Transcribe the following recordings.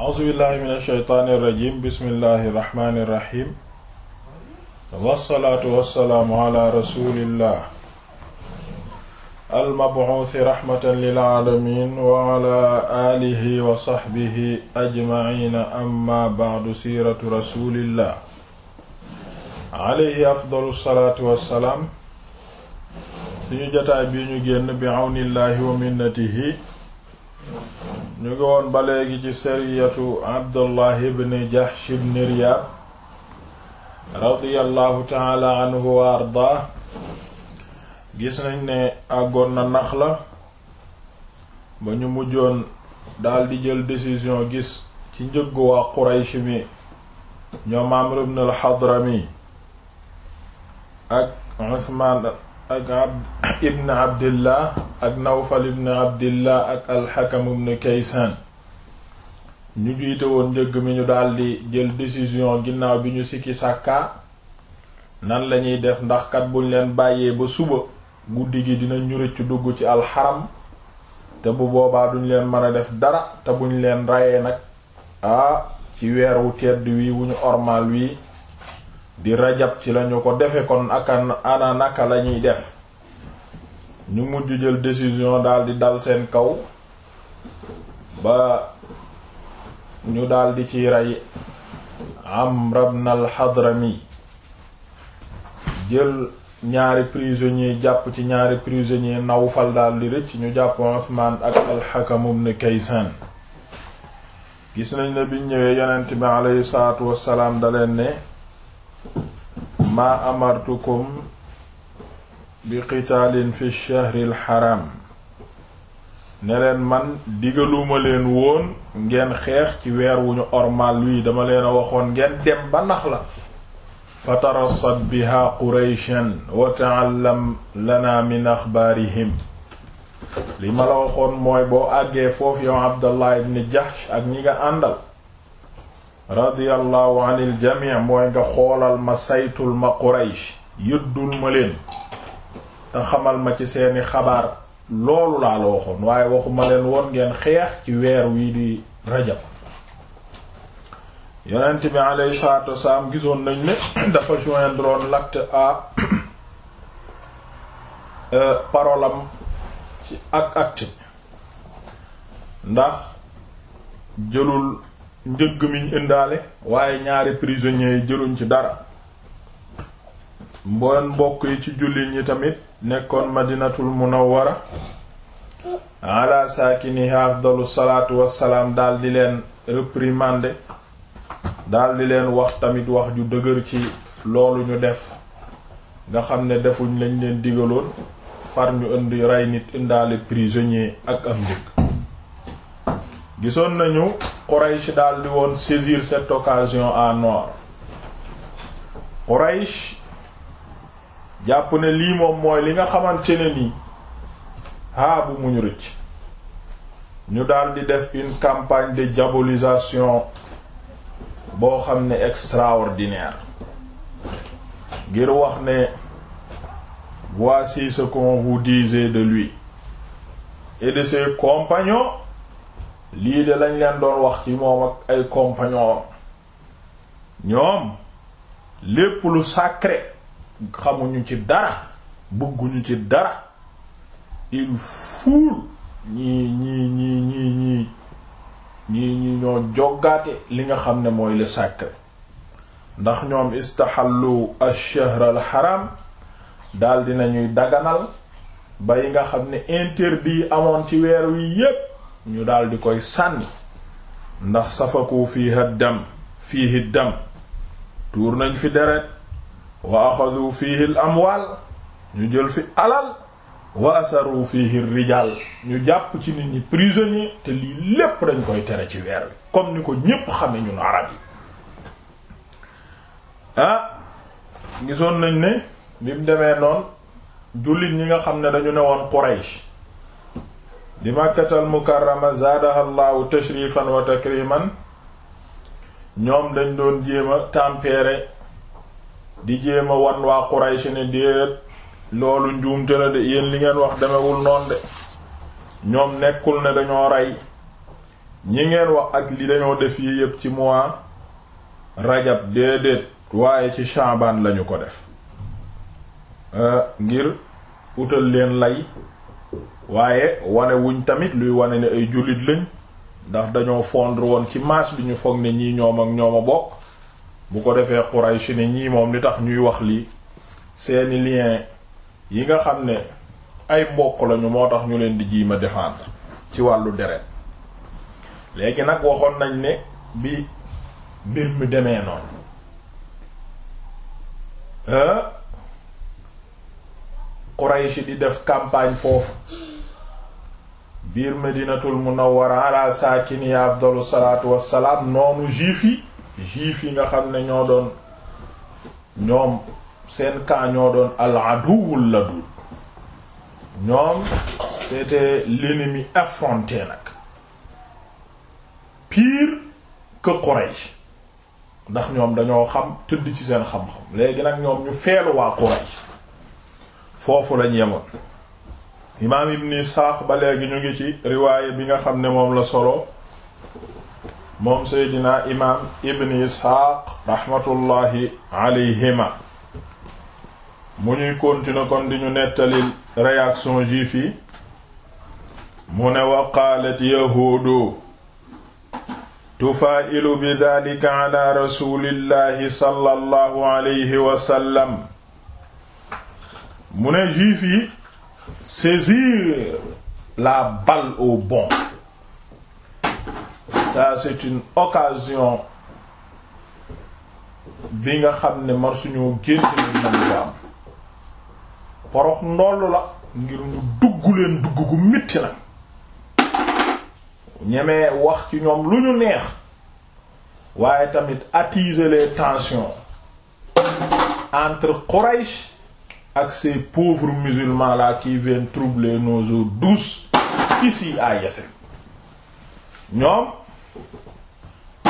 a'uuzu billahi min alsheytaani irrajim bismillahi irrahmani irrahim wassalaatu wassalaamu ala rasulillah almabuusi raxmatan lilaalamin waala aalihi wa saxbihi ajmaciina amma bacdu siiratu rasulillah alayhi afdalu salaatu wassalaam suñu jotaay bii ñu génn bi awnillahi wa minnatihi ñu ngi woon ba léegi ci sariyatu Abdullah ibn Jahsh ibn Riyab radiyallahu taala anhu wa ardaa gis nañ ne àggoon na Naxla ba ñu mujjoon daldi jël décision gis ci njëggu waa Quraysh mi ñoom Amr ibn hadrami ak Usmaan ak abd ibn abdillah ak nawfal ibn abdillah ak alxakam ibn kaysaan ñu jiite woon njëgg mi ñu daldi jël décision ginnaaw bi ñu sikki sàkkaa nan lañuy def ndax kat buñ leen bàyyee ba suba guddi gi dina ñu rëccu dugg ci alxaram te bu boobaa duñ leen mën def dara te buñ leen rayee nag ah ci weer wu tedd wi wuñu ñu ormal wi di rajab ci lañu ko defe kon akan ana naka la ñuy def ñu mujj jël décision daal di dal seen kaw ba ñu daal di ci rey Amr ibn al jël ñaari prisonnier jàpp ci ñaari prisonnier Nawfal daal di rëcc ñu jàpp Usman ak al-Hakam ibn gis nañ ne biñ ñëwee yonent bi alayhi salaatu wassalaam da ne ma amartukum bi qitaalin fi shahril haram ne man digaluma leen woon ngeen xeex ci weer wu ñu ormal wii dama leen waxoon ngeen dem ba nax la fatarassad biha qurayshan wa ta'allam lana min axbaarihim li ma la waxoon mooy boo àggee foofu yow abdallah ibn jahsh ak ñi nga àndal radiyallahu anil jamii mooy nga xoolal ma saytul ma Quraysh yëddul ma leen te xamal ma ci seeni xabaar loolu laa la waxoon waaye waxuma leen woon ngeen xeex ci weer wii di rajab yonent bi alayhi salaatu wasalaam gisoon nañ ne dafa joindroon l'acte à euh, parole am ci ak acte bi ndax jëlul njëgg miñ indaale waaye ñaari prisonniers yi jëluñ ci dara mboon mbokk yi ci julli ñi tamit nekkoon ma madinatul munawwara ala saakini afdalu salaatu wassalaam dal di leen réprimander daal di leen wax tamit wax ju dëgër ci loolu ñu def nga xam ne defuñ lañ leen digaloon far ñu indi rey nit indaale prisonnier ak am njëg gisoon nañu Quraysh daal di woon saisir cette occasion en or Quraysh jàpp ne lii moom mooy li nga xamante ne ni haa bu muñu rëcc ñu daal di def une campagne de jabolisation boo xam ne extraordinaire ngir wax ne voici ce qu'on de lui et lii de lañ leen doon wax ci moom ak ay compagnons ñoom lépp lu sàkkre xamuñu ci dara bëgguñu ci dara il fuul ñii ñii ñii ñii ñii ñoo joggaate li nga xam ne mooy le sacré ndax ñoom istaxallu lu shahr al-haram daldi nañuy daganal ba yi nga xam ne interdit amoon ci weer wi yépp ñu daldi koy sànni ndax safaku fiiha dam fiihi dam tuur nañ fi deret wa axadu fiihi l amwaal ñu jël fi alal wa asaru fiihi rijal ñu jàpp ci nit ñi prisonnier te lii lépp dañ koy tere ci weer comme ni ko ñépp xame ñun arab yi ah gisoon nañ ne bi mu demee noon jullit ñi nga xam ne dañu ne woon Quraysh di màkkatal mukarrama zaadaha llaahu tashrifan ñoom dañ doon jéema a di jéem a wan waa ne déet loolu njuumte la de yéen li ngeen wax demewul noon de ñoom nekkul ne dañoo rey ñi ngeen wax ak li dañoo def yi yépp ci mois rajab déedéet waaye ci Shaaban lañu ko def euh, ngir utal leen lay waaye wane wuñ tamit luy wane ni ay jullit lañ ndax dañoo fondre woon ci maas bi ñu foog ne ñii ñoom ak ñoom a bokk bu ko defee Quraysh ne ñii moom li tax ñuy wax lii seeni lien yi nga xam ne ay mbokk lañu moo tax ñu leen di jiima défendre ci wàllu deret léegi nag waxoon nañ ne bi mbir mi demee noonu ah, Quraysh di def campagne foofu biir medinatul munawwara ala saakini ya afdalu salaatu wassalaam noonu juif yi juif yi nga xam ne ñoo doon ñoom seen camp ñoo doon al aduwul ladud ñoom c'était l'ennemi affronté nag pire que Quraysh ndax ñoom dañoo xam tëdd ci seen xam-xam léegi nag ñoom ñu feelu waa Quraysh foofu lañ yemoon imaam ibn isxaaq ba léegi ñu ngi ci riwaayé bi nga xam ne moom la solo moom seydina imaam ibn isxaaq raxmatullaahi alayhima mu ñuy continuer kon di ñu nettali réaction juif yi mu ne wa qaalat yahuudu tufaa'ilu bi daalika ala rasuulillaahi sallallaahu alayhi wa mu ne juif yi saisir la balle au bond ça c'est une occasion bi nga xam ne mar suñoo gént nañ man ko am porox la ngir ñu dugg leen dugg gu métti nag ñemee wax ci ñoom lu ñu neex waaye tamit attiser les tensions entre Quraysh ak ces pauvres musulmans là qui viennent troubler nos eaux douces ici à Yasrib ñoom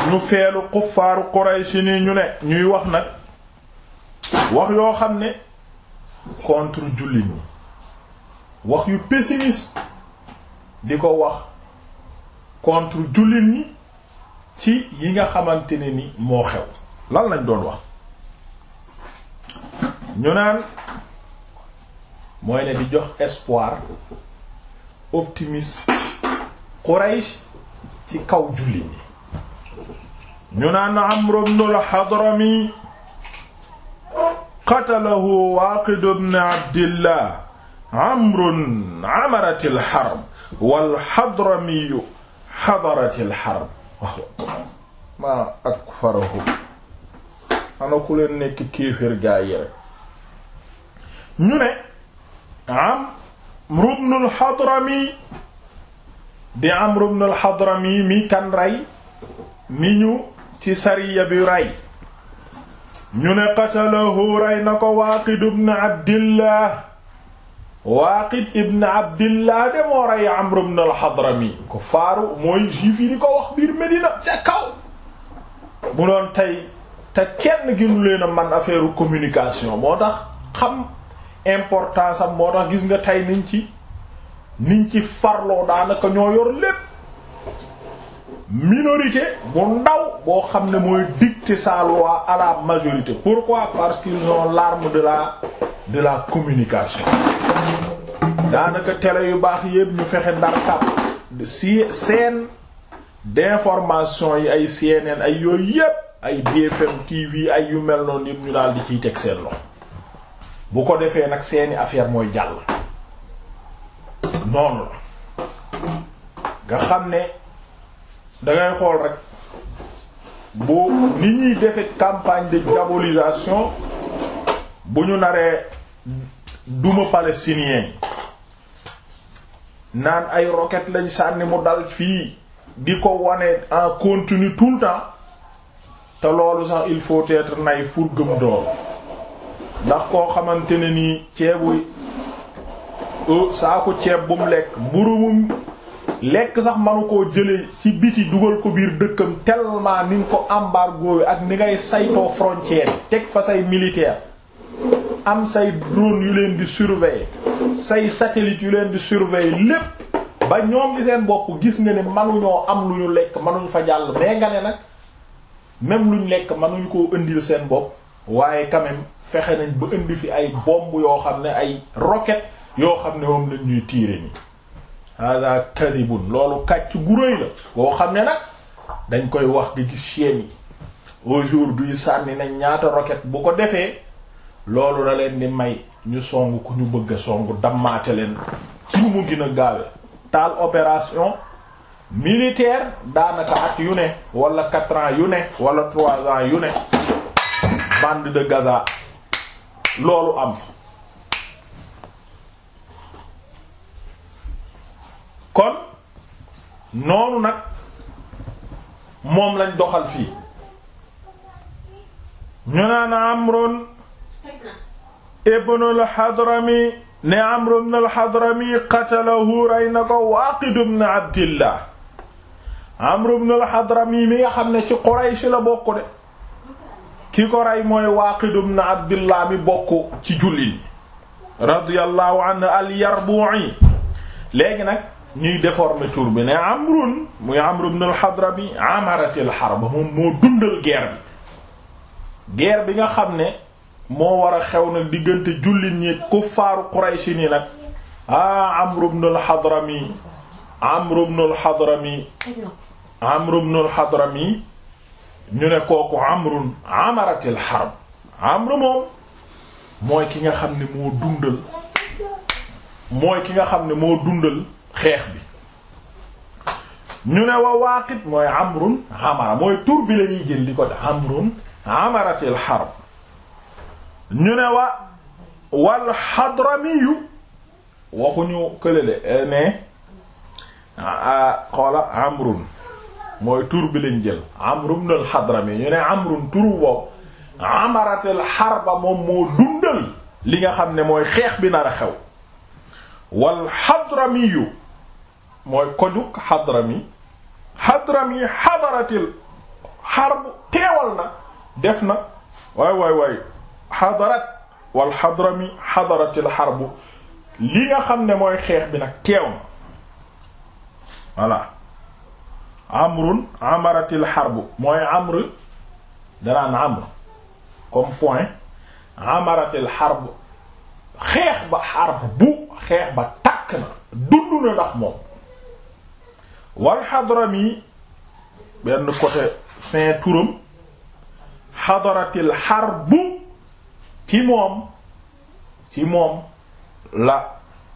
ñu feelu kuffaaru Quraysh ni ñu ne ñuy wax nag wax yoo xam ne contre jullit ñi wax yu pessimiste di ko wax contre jullit yi ci yi nga xamante ne ni moo xew lan lañ doon wax ñu naan mooy ne di jox espoir optimiste Quraysh ci kaw julli ñi ñu naan Amr ibn al-Hadrami qatalahu Waaqid ibn Abdillah amrun amarat al-harb wal-Hadramiyu hadarat maa akfarahu ana ku leen nekk kéefër gaa yi Amr ibn al-Hadrami di Amr ibn al mi kan rey mi ñu ci sariya bi rey ñu ne qatalahu rey na ko Waaqid ibn Abdillah Waaqid ibn Abdillah de moo rey Amr ibn al ko faaru mooy juif yi di ko wax biir Medina ca kaw bu doon tey te kenn gi nu leen man affaire communication moo tax xam importance am moo tax gis nga tey niñ ci niñ ci farloo daanaka ñoo yor lépp minorité bu ndaw boo xam ne mooy dicter sa loi à majorité pourquoi parce qu'ils ont l'arme de la de la communication daanaka tele yu baax yépp ñu fexe ndar tàpp si seen d'information yi ay CNN ay yooyu yépp ay BFM TV ay yu mel noon yépp ñu daal di ciy teg seen loxo bu ko defee nag seeni affaire mooy jàll noonu la nga xam ne dangay xool rek bu nit ñuy defe campagne de diabolisation bu ñu naree duma palestinien naan ay roquette lañu sànni mu dal fii di ko wane en continu tout le temps te loolu sax il faut être naïf pour gëm dool ndax koo xamante ne nii ceebu saako ceeb bu mu lekk burumum lekk sax manu koo jële ci biti dugal ko biir dëkkam tellement ni nga ko embargo ak ni ngay saytoo frontière teg fa say militaire am say drone yu leen di surveiller say satelit yu leen di surveiller lépp ba ñoom di seen bokk gis nga ne manuñoo am lu ñu lekk manuñ fa jàll mais nga ne nag même luñu lekk manuñ koo indil seen bopp waaye quand fexe nañ ba indi fi ay bomb yoo xam ne ay roquette yoo xam ne moom lañ ñuy tiire ni hada kadibun loolu kàcc gu rëy la boo xam ne nag dañ koy wax nga gis chien yi aujourd'hui sànni nañ ñaata roquette bu ko defee loolu la leen di may ñu song ku ñu bëgg a song dammaate leen ci mu gën a gaawe taal opération militaire daanaka at yu ne wala quatre yu ne wala trois ans yu ne bande de Gaza loolu am kon noonu nag moom lañ doxal fii ñu naan amron ibn al ne Amr ibn al-Hadrami qatalahu rey na ko Waaqid ibn Amr ibn al-Hadrami mi nga xam ne ci Quraysh la bokk ki ko rey mooy Waaqid ibn Abdillah mi bokk ci jullit ñi radiyallahu anhu al-Yarbu'i léegi nag ñuy déformer tur bi ne Amrun muy Amr ibn al-Hadrami amaratil harb moom moo dundal guerre bi guerre bi nga xam ne moo war a xew nag diggante jullit ñi kuffaaru Quraysh ni nag ah Amr ibn hadrami Amr ibn hadrami ñu ne kooku amrun amaratil harb amru moom mooy ki nga xam ne moo dundal mooy ki nga xam ne moo dundal xeex bi ñu ne wa waaqit mooy amrun amara mooy tur bi la ñuy jël di ko amrun amaratil harb ñu ne wa wal hadramiyu waxuñu këlele ne eh, ah, ah, xoola amrun mooy tur bi jël Amr ibn al-Hadrami ñu ne amrun turu boobu amaratel xarba moom moo dundal li nga xam ne mooy xeex bi nar a xew wal Hadrami yu mooy kojuk Hadrami Hadrami xadaratil xarb teewal na def na waay waay waay xadarat wal Hadrami xadaratil xarbu li nga xam ne mooy xeex bi nag teew na voilà amrun amaratil xarbu mooy amr danaan amr comme point amaratil xarbu xeex ba xarb bu xeex ba takk na dund na ndax moom wal xadrami benn côté fin turam xadaratil xarbu ci moom ci moom la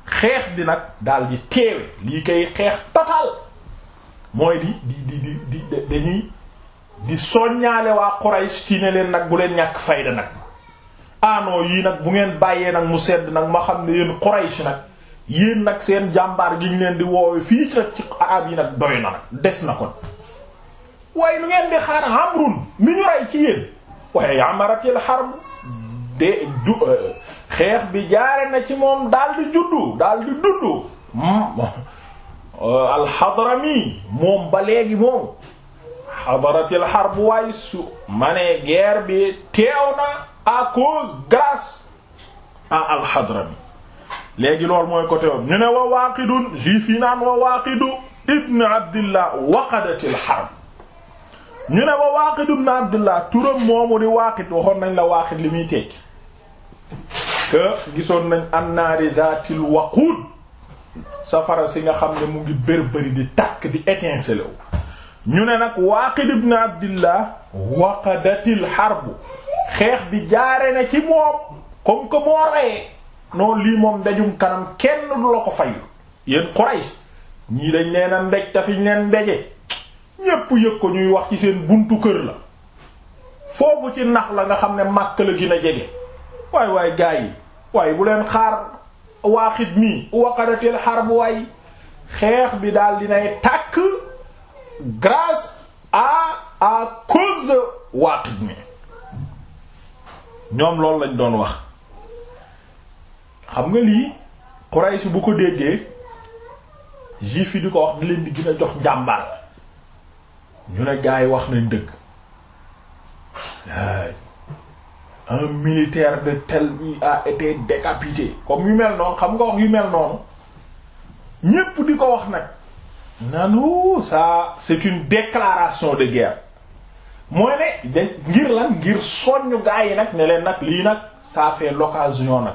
xeex bi nag daal di teewe lii kay xeex total mooy di di di di dañuy di soññaale waa Quraysh ci ne leen nag bu leen ñàkk fayda nag ano ah, yii nag bu ngeen bàyyee nag mu sedd nag ma xam ne yéen Quraysh nag yéen nag seen jàmbaar gi ñu leen di woowe fii ci rek ci arab yi nag doy na nag des na kon waaye lu ngeen di xaar Amrun mi ñu rey ci yéen waaye amaratil harb de du euh, xeex bi jaare na ci moom daal di juddu daal di dund Euh, alxadrami moom ba léegi moom xadaratil xarb waay su ma ne guerre bi teew na à cause grâce à alxadrami mooy côté wam ñu ne wa waaqidun juif yi naan wa waaqidu ibn abdillah waqadatil xarb ñu waaqid ibn abdillah turam moomu nañ la waaqid li muy tekki que gisoon nañ annaari daatil waquud safara si nga xam ne mu ngi bëri di tàkk di étinceler ñu ne nag waaqid ibn abdillah waqadatil harbu xeex bi jaare na ci moom comme que moo reyee noonu lii moom dajum kanam kenn du la ko fayu yéen Quraysh ñii dañ leen a mbej te fiñ leen mbeje ñépp yëg ko ñuy wax ci seen buntu kër la foofu ci nax la nga xam ne màkk la gën a jege waay waay gaa yi waaye bu leen xaar waaxit mii waqadatil harb waay xeex bi daal dinay tàkk grâce à à cause de waaxit mi ñoom loolu lañ doon wax xam nga lii Quraysh bu ko déggee juif yi di ko wax di leen di gën a jox njàmbaar ñu ne gaay wax nañ dëkk un militaire de tel décapité comme yu mel noonu xam nga wax yu mel noonu ñépp di ko wax nag nanu ça c'est une déclaration de guerre mooy ne da ngir lan ngir soññu gaa yi nag ne nag lii nag ça fait l'occasion nag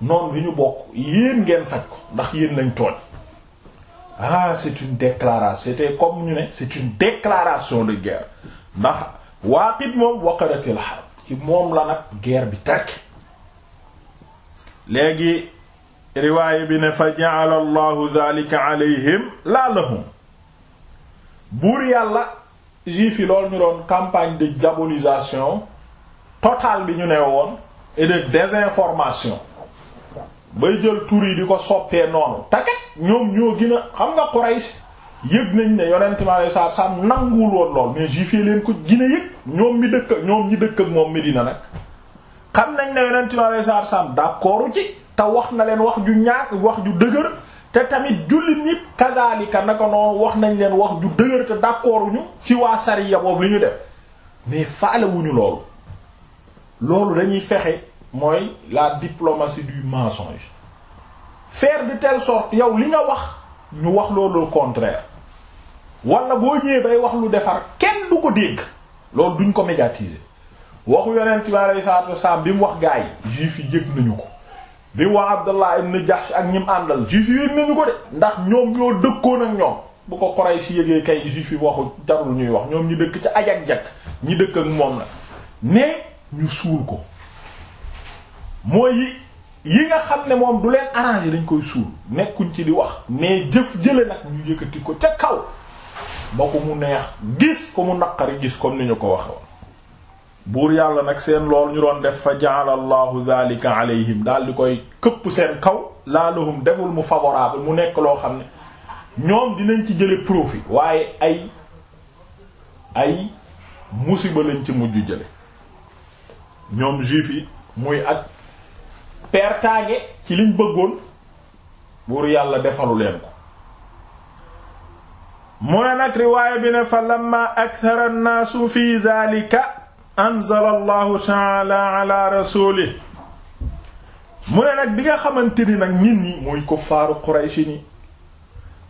noonu bi ñu bokk yéen ngeen faj ko ndax yéen lañ tooñ ah c'est une déclaration c'était comme ñu ne c'est une déclaration de guerre ndax Waaqid moom waqadatil harb ci moom la nag guerre bi takk léegi riwaaya bi ne fa ja'ala allahu dhalika alayhim la lahum buur yàlla juif yi loolu ñu doon campagne de diabolisation totale bi ñu ne woon et de bay jël tur yi di ko soppee noonu takat ñoom ñoo gën xam nga Quraysh yëg nañ ne yonent mi alayhi salaatu salaam nanguwul woon mais juif yi leen ko gine yëg ñoom mi dëkk ñoom ñi dëkk ak moom Medina nag xam nañ ne yonent mi alayhi salaatu salaam d'accordu ci te wax na leen wax ju ñaar wax ju dëgër te tamit jullit ñi kazaalika naka noonu wax nañ leen wax ju dëgër te d'accorduñu ci waa sariya boobu li ñu def mais faalewuñu loolu loolu dañuy fexe mooy la diplomatie du mensonge faire de telle sorte yow li nga wax ñu wax loolu contraire wala boo ñëwee bay wax lu defar kenn du ko dégg loolu duñ ko médiatiser waxu yonent bi alayhi salaatu wasalaam bi mu wax gaa yi juif yi yëg nañu ko bi mu wax Abdallah ibn Jahsh ak ñim àndal juif yi yëg nañu ko de ndax ñoom ñoo dëkkoon ak ñoom bu ko Quraysh yëgee kay juif yi waxu jarul ñuy wax ñoom ñu dëkk ci ajak jak ñi dëkk ak moom la ne ñu suul ko mooy yi nga xam ne moom du leen arranger dañ koy suul nekkuñ ci di wax mais jëf jële nag ñu yëkkati ko ca kaw ba ko mu neex gis ko mu naqari gis comme ni ñu ko wax woon buur yàlla nag seen lool ñu doon def fa ja'ala llahu dhalika alayhim daal di koy këpp seen kaw laa lahum deful mu favorable mu nekk loo xam ne ñoom dinañ ci jële profit waaye ay ay musiba lañ ci mujj jële ñoom juif yi muy ak pertaange ci liñ bëggoon buur yàlla defalu leen ko mu ne nag riwaaya bi ne fa lamma akthara nnaasu fi dhalika anzala allahu taala ala mu ne nag bi nga xamante ni nag nit ñi muy kuffaaru Quraysh ni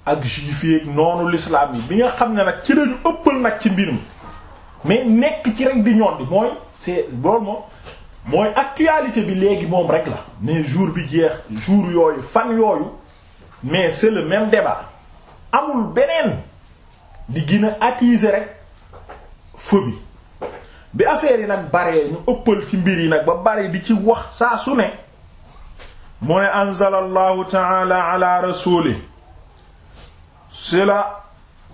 ak juif yi ak noonu l'islam yi bi nga xam ne nag ci lañu ëppal nag ci mbir mi mais nekk ci rek di ñondi mooy c'est loolu moom mooy actualité bi léegi moom rek la mais jour bi jeex jour yooyu fan yooyu mais c'est le même débat amul beneen di gën a attiser rek feu bi bi affaire yi nag baree ñu ëppal ci mbir yi nag ba bare di ci wax saa su ne mu ne anzala allahu taala ala si la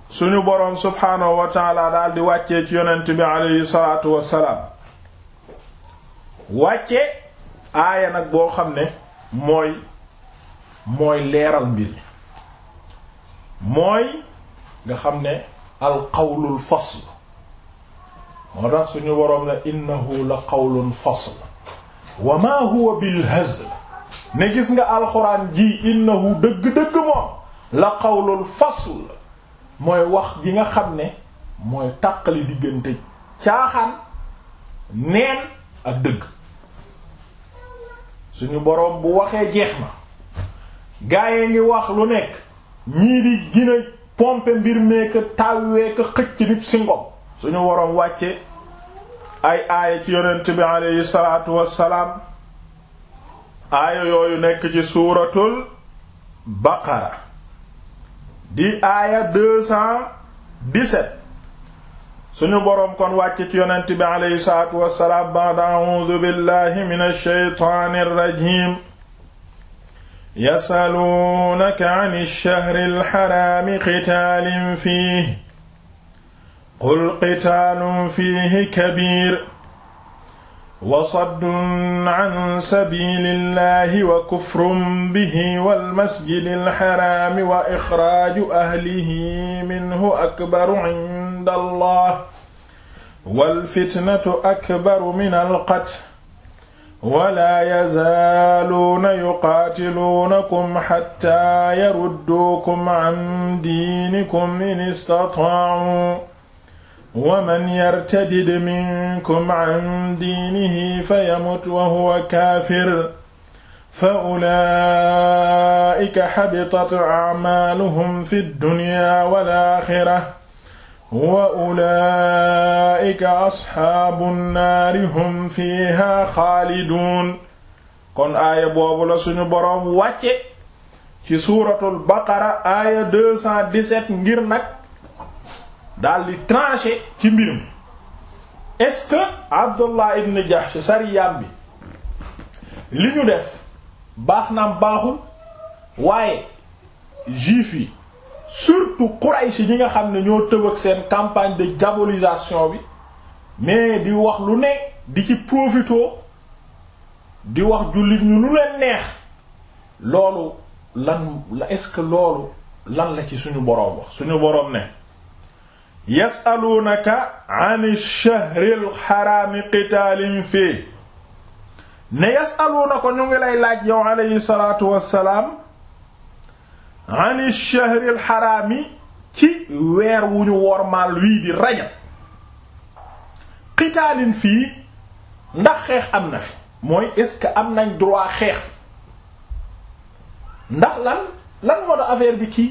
suñu boroom subhaanahu wa taala daal di wàccee ci yonent bi aleyhi salaatu wassalaam wàcce aaya nag boo xam ne mooy mooy leeral mbir mooy nga xam ne al qawlul fasl moo tax suñu waroom ne innahu la qawlun fasl wa maa huwa bil hazl ne gis nga alxuraan ji innahu dëgg-dëgg moom la qawlul fasl mooy wax ji nga xam ne mooy tàqali diggante caaxaan neen ak dëgg suñu boroom bu waxee jeex na gaayee ngi wax lu nekk ñii di gina pompe mbir meeka tawweeka xëcc nit si ngom suñu waroon wàcce ay aaya ci yonent bi salaatu wassalaam aaya yooyu nekk ci suuratul baqara di aaya 217 suñu boroom kon wàcce ci yonent bi aleyhi salaatu wassalaam ba'da a'uudu billahi minash shaytaanir yasaluunaka an alshahri alxaraami qitaalin fiih qul qitaalun fiihi kabiir wa saddun can sabiilillahi wa kufrun bihi walmasjidi alxaraami wa ixraaju ahlihi minhu akbaru cinda allah walfitnatu akbaru min alqatl wala yazaaluuna yuqaatiluunakum xatta yarudduukum an diinikum in istataacu wa man yartadid minkum an diinihi fayamut wa huwa kaafir fa ulaa'ika xabitat acmaaluhum fi ddunya wal aaxira wa ulaa'ika asxaabu nnaari hum fiihaa xaaliduun kon aaya boobu la suñu boroom wàcce ci suuratul baqara aaya 217 ngir nag daldi tranché ci mbirum est-ce que Abdullah ibn Jahsh sariyaan bi li ñu def baax naam baaxul waaye juif surtout Quraysh ñi nga xam ne ñoo tëb seen campagne de diabolisation bi mais di wax lu ne di ci profitoo di wax jullit ñu lu leen neex loolu lan la est-ce que loolu lan la ci suñu boroom wax suñu boroom ne yasaluunaka an shahril xaraami qitaalin fii ne yasaluuna ko ñu ngi lay laaj yow aleyhi salaatu wassalaam ani shahril ci weer wu ñu wormaal wii di rajab xitaalin fii ndax xeex am na fi mooy est-ce que am nañ droit xeex ndax lan lan moo tax affaire bi ci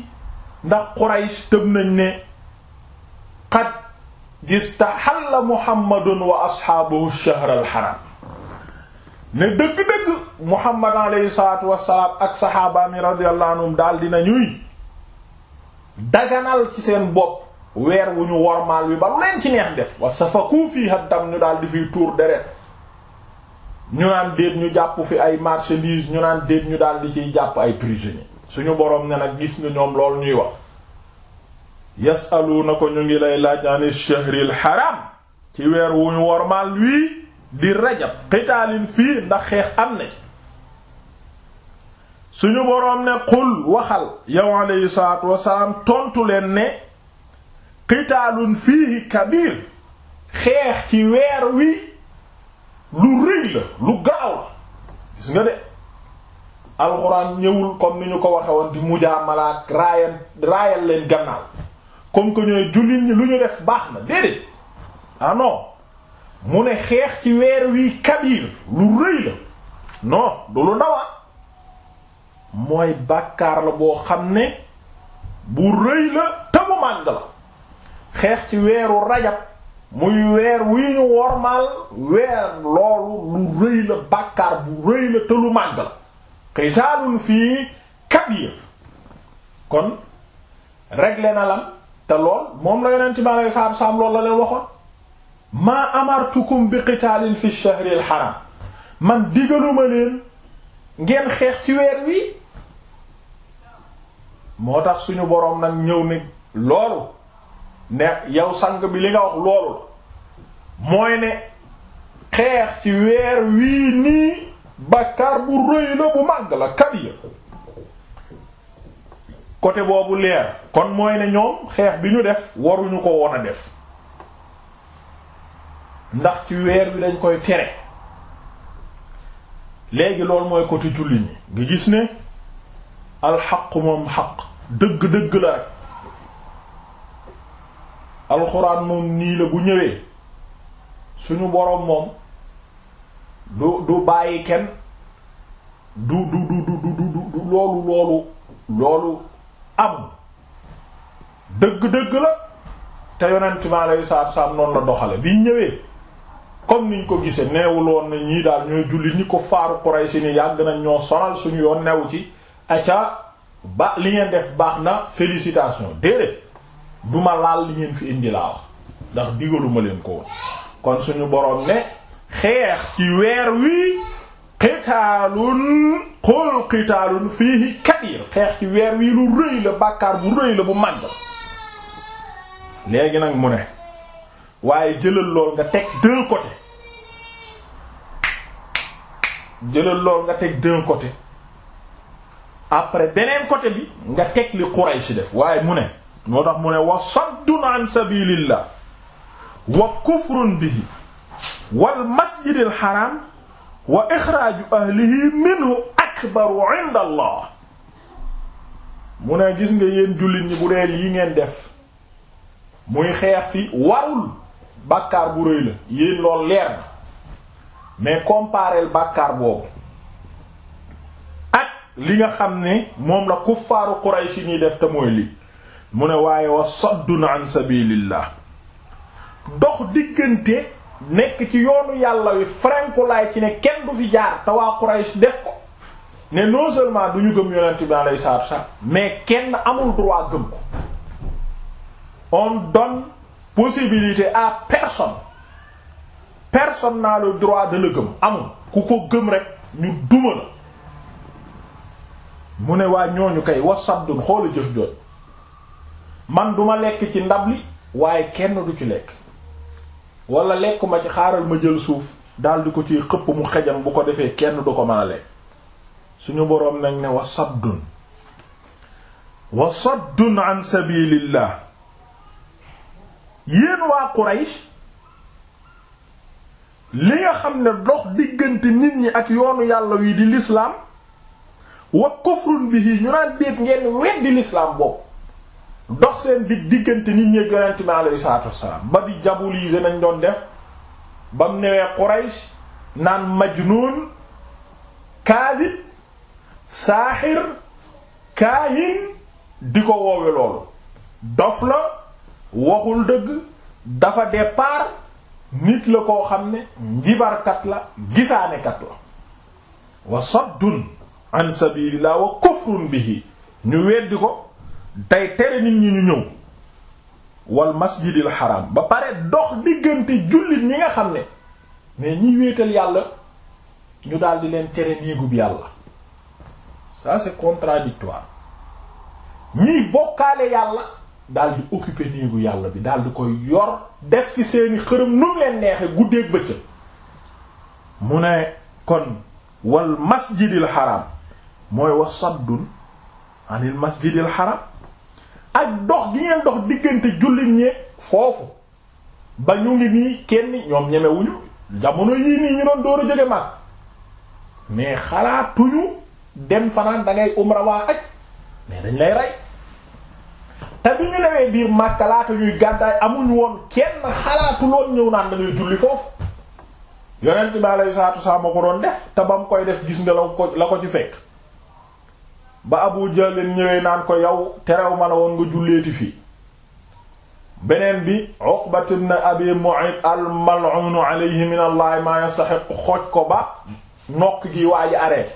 ndax Quraysh tëb nañ ne qad istahalla Muhammadun wa ashaabuhu shahr al haram ne dëgg-dëgg Muhammad alayhi salaatu wassalaam ak saxaabaami radiyallahu anhum daal na ñuy daganal ci seen bopp weer wu ñu wormaal wi ba lu ci neex def wa safaku fii haddam ñu daal di fiy tuur deret ñu naan déet ñu jàpp fi ay marchandises ñu naan déet ñu daal di ciy jàpp ay prisonniers suñu borom ne nag gis nga ñoom loolu ñuy wax yasalu na ko ñu ngi lay laaj ani shahril haram ci weer wu ñu wormaal wi di rajab qitaalin fii ndax xeex am na ci suñu boroom ne qul waxal yow alayhi salaatu wasalaam tontu leen ne qitaalun fiihi kabiir xeex ci weer wi lu rëy la lu gaaw la gis nga de alxuraan ñëwul comme ni ñu ko waxe woon di mujaamalaak raayal raayal leen gannaaw comme que ñooy jullit ñi lu ñu def baax na déedéet ah non mu ne xeex ci weer wi kabiir lu rëy la non du lu ndaw ah. mooy bàkkaar la boo xam ne bu rëy la te mu màgg la xeex ci weeru rajab muy weer wi ñu wormaal weer loolu lu rëy la bàkkaar bu rëy la te lu màgg la xitaalun fii kabiir kon réglé na lan te lool moom la yonent bi alayhi salaam loolu la leen waxoon maa amartukum bi qitaalin fi shahri al man digaluma leen ngeen xeex ci weer wi moo tax suñu boroom nag ñëw ne loolu ne yow sang bi li nga wax loolu mooy ne xeex ci weer wii nii bàkkaar bu rëy la bu màgg la kabiir côté boobu leer kon mooy ne ñoom xeex bi ñu def waruñu ko woon a def ndax ci weer wi dañ koy tere léegi loolu mooy côté julli ñi nga gis ne alxaq moom xaq dëgg-dëgg la rek alxuraan moom nii la bu ñëwee suñu boroom moom du du bàyyi kenn du du du du du du loolu loolu loolu am dëgg-dëgg la te yonent mi alayhi salaatu salaam noonu la doxale bi ñëwee comme niñ ko gisee neewul na ñii daal ñooy jullit ñi ko faaru Quraysh ni yàgg nañ ñoo sonal suñu yoon new ci acca ba li ngeen def baax na félicitation déedéet duma laal li ngeen fi indi laa wax ndax digaluma leen ko kon suñu boroom ne xeex ci weer wi qitaalun qul qitaalun fiihi kabir xeex ci weer wii lu rëy la bàkkaar bu rëy la bu màgg léegi nag mu ne waaye jëlal lool nga teg deux côtés jëlal lool nga teg d'un côté après beneen côté bi nga teg li Quraysh def waaye mu ne moo tax mu ne wa saddun an sabilillah wa kufrun bihi wal masjidil haram wa ixraaju ahlihi minhu akbaru inda allah mu ne gis nga yéen jullit ñi bu dee yi ngeen def muy xeex fi warul bàkkaar bu rëy la yéen lool leer na mais compareel bàkkaar boobu ak li nga xam ne moom la kuffaaru Quraysh ñi def te mooy lii mu ne waaye wa saddun an sabilillah dox diggante nekk ci yoonu yàlla wi frenkulaay ci ne kenn du fi jaar te waa Quraysh def ko ne non seulement du ñu gëm yonent bi alayhi salaatu wasallam mais kenn amul droit gëm ko on donne possibilité à personne personne n'a le droit de le gëm amul ku ko gëm rekk ñu duma la mu ne waa ñooñu kay wasaddun xoola jëf jot man duma lekk ci ndab li waaye kenn du ci lekk wala ma ci xaaral ma jël suuf daldi ko ci xëpp mu xejam bu ko defee kenn du ko mën lekk suñu boroom nañ ne wasaddun wasaddun an sabilillah yéen waa Quraysh li nga xam ne dox diggante nit ñi ak yoonu yàlla wii di lislaam wa kufrun bihi ñu naan déet ngeen weddi lislaam boobu dox seen dig diggante nit ñi ak yonent mi alayhi salaatu ba di diaboliser nañ doon def ba mu newee Quraysh naan majnuun kaadib saaxir kaahin di ko woowe loolu dof la waxul dëgg dafa départ nit la koo xam ne njibarkat la gisaanekat la wa saddun an wa kufrun bihi ñu weddi ko tey tere nit ñi ñu ñëw wal masjidil haram ba pare dox diggante jullit ñi nga xam ne mais ñiy wéetal yàlla ñu daldi leen tere néegub yàlla ça c'est contradictoire ñiy bokkaale yàlla daal di occuper néegu yàlla bi daal di koy yor def fi seeni xërëm nu mu leen neexe guddeeg bëccëg mu ne kon wal masjidil xaram mooy wax saddun anil masjidil xaram ak dox gi ngeen dox diggante jullit ñe foofu ba ñu ngi nii kenn ñoom ñemewuñu jamono yii nii ñu doon dóor a jóge mag mais xalaatuñu dem fanaan da ngay umra waa aj mais dañ lay rey te bi ñu newee biir Makka laata ñuy gàddaay amuñ woon kenn xalaatuloon ñëw naan da julli foofu yonent bi alayhi salaatu wasalaam ko doon def te ba mu koy def gis nga la ko la ko ci fekk ba Abu Jahl ñëwee naan ko yow terew ma la woon nga julleeti fii beneen bi Uqbat ibn Abi Mu'ayt al-mal'un alayhi min Allah xooj ko ba nokk gi waaji arrêté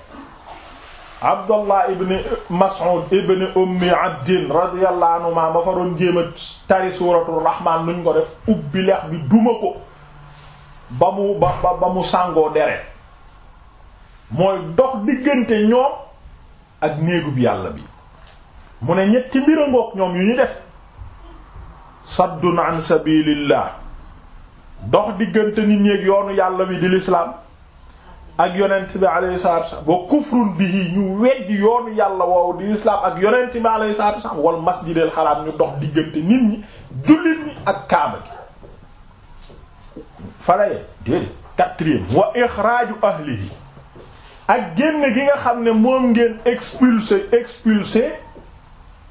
Abdullah ibn Mas'ud ibn Ummi Abdin radiyallahu anhu fa doon jéem tari suuratul Rahmaan nuñ ko def ubbi lex bi duma ko ba mu ba ba mu sàngoo deret mooy dox diggante ñoom ak néegub yàlla bi mu ne ñetti mbir ngoog ñoom yu ñu def saddun an sabilillah dox diggante nit ñéeg yoonu yàlla bi di lislaam ak yonent bi alayhi salaatu wasallam ba kufrun bihi ñu weddi yoonu yàlla woowu di islam ak yonent bi alayhi salaatu wasallam wal masjidil xaraam ñu dox diggante nit ñi jullit ñi ak kaaba gi falaye déedéet quatrième wa ixraaju ahlihi ak génn gi nga xam ne moom ngeen expulsé expulsé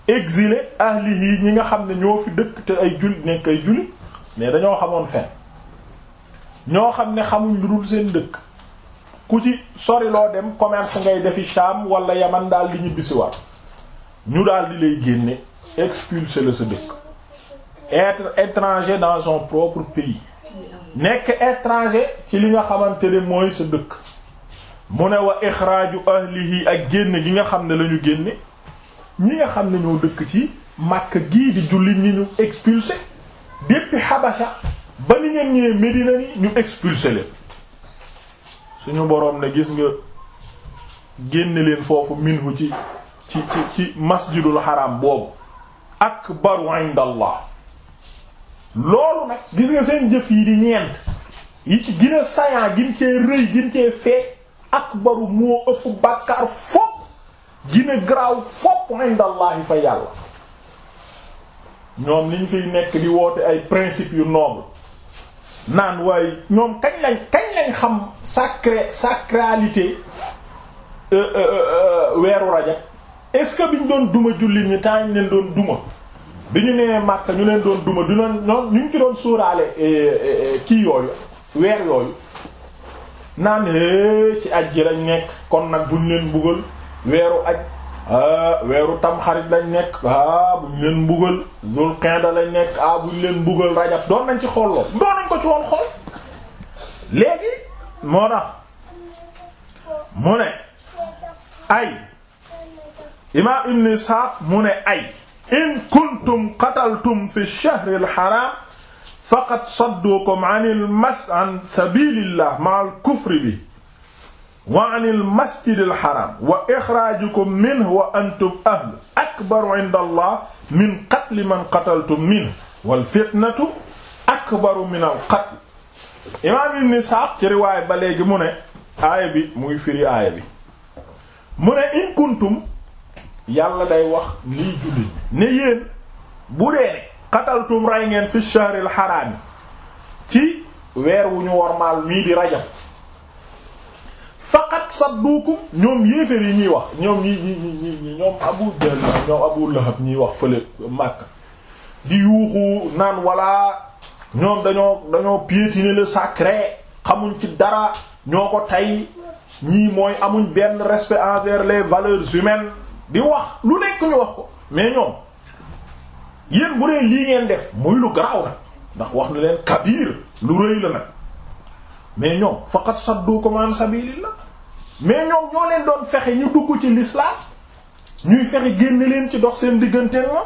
exilé ahlihi ñi nga xam ne ñoo fi dëkk te ay jullit nekk ay jullit mais dañoo xamoon fen ñoo xam ne xamuñ lu dul seen dëkk ku ci sori loo dem commerce ngay defi Sham wala Yaman daal di ñibbisiwaat ñu daal di lay génne expulser la sa dëkk être étranger dans son propre pays nekk étranger ci li nga xamante ne mooy sa dëkk mu ne wa ixraaju ahlihi ak génn gi nga xam ne la ñu génne ñi nga xam ne ñoo dëkk ci Makka gii di jullit ñi ñu expulser depuis Habasha ba ni ngeen ñëwee Médina ni ñu expulser leen suñu boroom ne gis nga génn leen foofu minhu ci ci ci ci masjidul haram boobu akbaru indallah loolu nag gis nga seen jëf yi di ñeent yi ci gën a sayan gin cee rëy gin cee fee akbaru moo ëpp bàkkaar fopp gin a fopp indallahi fa yàlla ñoom liñ fiy nekk di woote ay principe yu noble naan waaye ñoom kañ lañ kañ lañ xam sacré sacralité euh, euh, euh, weeru rajab est-ce bi ñu doon duma jullit ñi temps ñu leen doon duma bi ñu nee Makka ñu leen doon duma du leen noon ñu ngi ci doon sóoraale kii yooyu weer yooyu naan ci aj ji lañ nekk kon nag buñ leen mbugal weeru aj Ah, weeru tamxarit lañ nekk ah buñ leen mbugal dul qinda lañ nekk ah buñ leen mbugal rajab doon nañ ci xolloo doon nañ ko ci woon xool léegi moo tax mu ne ay imaam ibn Isxaaq mu ne ay in kuntum qataltum fi ash-shahri al-haraam faqad sadduukum an al-mas an sabilillah ma'a al-kufri bi wa anil masjidil haram wa ixraajukum minhu wa antum ahlu akbaru inda allah min qatli man qataltum minhu wal fitnatu akbaru min al imaam ibn Isxaaq ci riwaay ba léegi mu ne aaya bi muy firi mu ne in kuntum yàlla day wax lii jullit ne yéen bu dee qataltum rey ngeen fi shahril haraami ci weer wu ñu wormaal mii di rajab faqat sadduukum ñoom yéeféer yi ñuy wax ñoom ñi ñii ñi ñoom abu jahl ñoom abu lahab ñuy wax fële màkk di yuuxu naan wala ñoom dañoo dañoo piétiner le sacré xamuñ ci dara ñoo ko tey ñii mooy amuñ benn respect envers les valeurs humaines di wax lu nekk ñu wax ko mais ñoom yéen bu dee lii ngeen def muy lu garaaw nag ndax wax na leen kabir lu rëy la nag mais ñoom faqat saddukum an la mais ñoom ñoo leen doon fexe ñu dugg ci l'islam ñuy fexe génn leen ci dox seen digganteel ma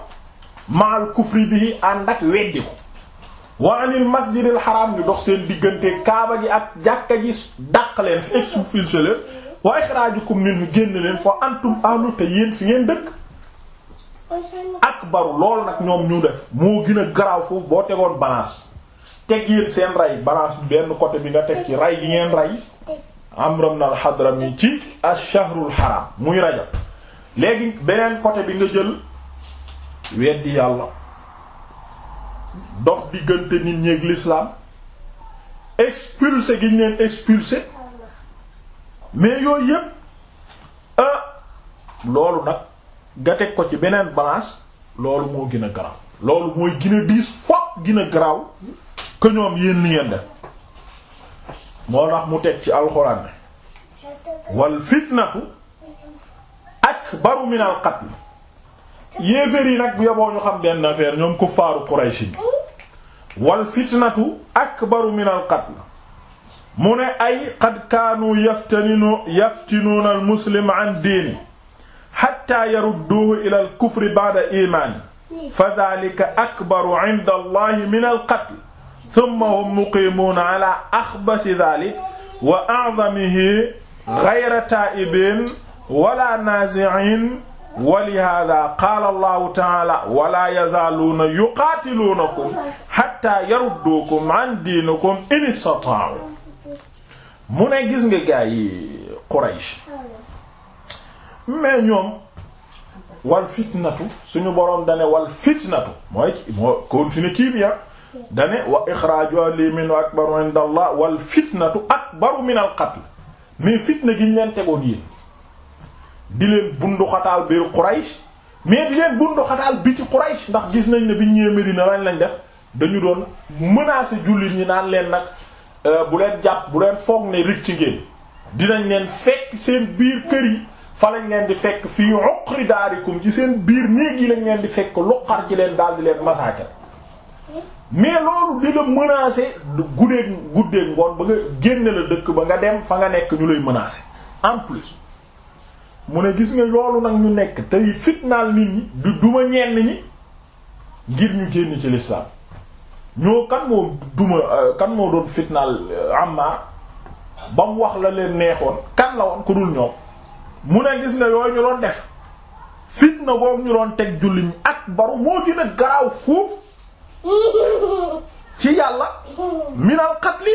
maal kufri bi ànd ak weddi ko wa anil masjidil haram ñu dox seen diggante kaaba ji ak jàkka ji dàq leen fi expulsé leen wa ixrajukum minhu génn leen foo antum ahlu te yéen fi ngeen dëkk akbaru lool nag ñoom ñu def moo gën garaaw foofu boo tegoon balance teg yéen seen rey balance benn côté bi nga teg ci rey gi ngeen rey na nal hadrami ci ash-shahrul haram muy rajab léegi beneen côté bi nga jël weddi yàlla dox diggante nit ñeek l'islam expulsé gi ñu leen expulsé mais yooyu yépp ah, loolu nag nga teg ko ci beneen balance loolu moo gën a garaaw loolu mooy gën a diis fopp gën garaaw que ñoom yéen ni ngeen moo tax mu teg ci alxuraan wal fitnatu akbaru min al qatl yéeféer yi nag yoboo ñu xam benn affaire ñoom kuffaaru Quraysh bi wal fitnatu akbaru min al qatl mu ne ay qad kaanu yaftinuuna al muslim an diini xatta yarudduuhu ila al kufri ba'da imaani fa dhalika akbaru 'inda allahi min al qatl thumma hum muqimuuna ala axbasi daalik wa a'zamihi ghayra taa'ibiin wala naazi'iin wa lihaadha qaala allahu ta'aala wala yazaaluuna yuqaatiluunakum hattaa yarudduukum an diinikum in istataa'u mu ne gis nga gaa yi Quraysh mais ñoom wal fitnatu suñu boroom dane wal fitnatu mooy moo continuer kiim ya dane wa ixraaju li minu akbaru inda allah wal fitnatu akbaru min al qatl mais fitna gi ñu leen tegoon yéen di leen bunduxataal biir Quraysh mais di leen bunduxataal bi ci ndax gis nañ ne biñ ñëwee Medina lañ lañ def dañu doon menacer jullit ñi naan leen nag euh, bu leen jàpp bu leen foog ne rik ci ngeen dinañ leen fekk seen biir kër yi fa lañ leen di fekk fii uqri daarikum ci seen biir néeg yi lañ leen di fekk luqar ci leen daal di leen massacre mais loolu di la menacer guddee guddee ngoon ba nga génne la dëkk ba nga dem fa nga nekk ñu lay menacer en plus mu ne gis nga loolu nag ñu nekk tey fitnaal nit ñi du duma ñi ngir ñu génn ci l'islam ñoo kan euh, euh, wax la leen neexoon kan la woon ku dul mu ne gis nga yooyu ñu doon def fitna boobu ñu doon teg jullit ak baru moo gën a garaaw foofu ci yàlla minal qatli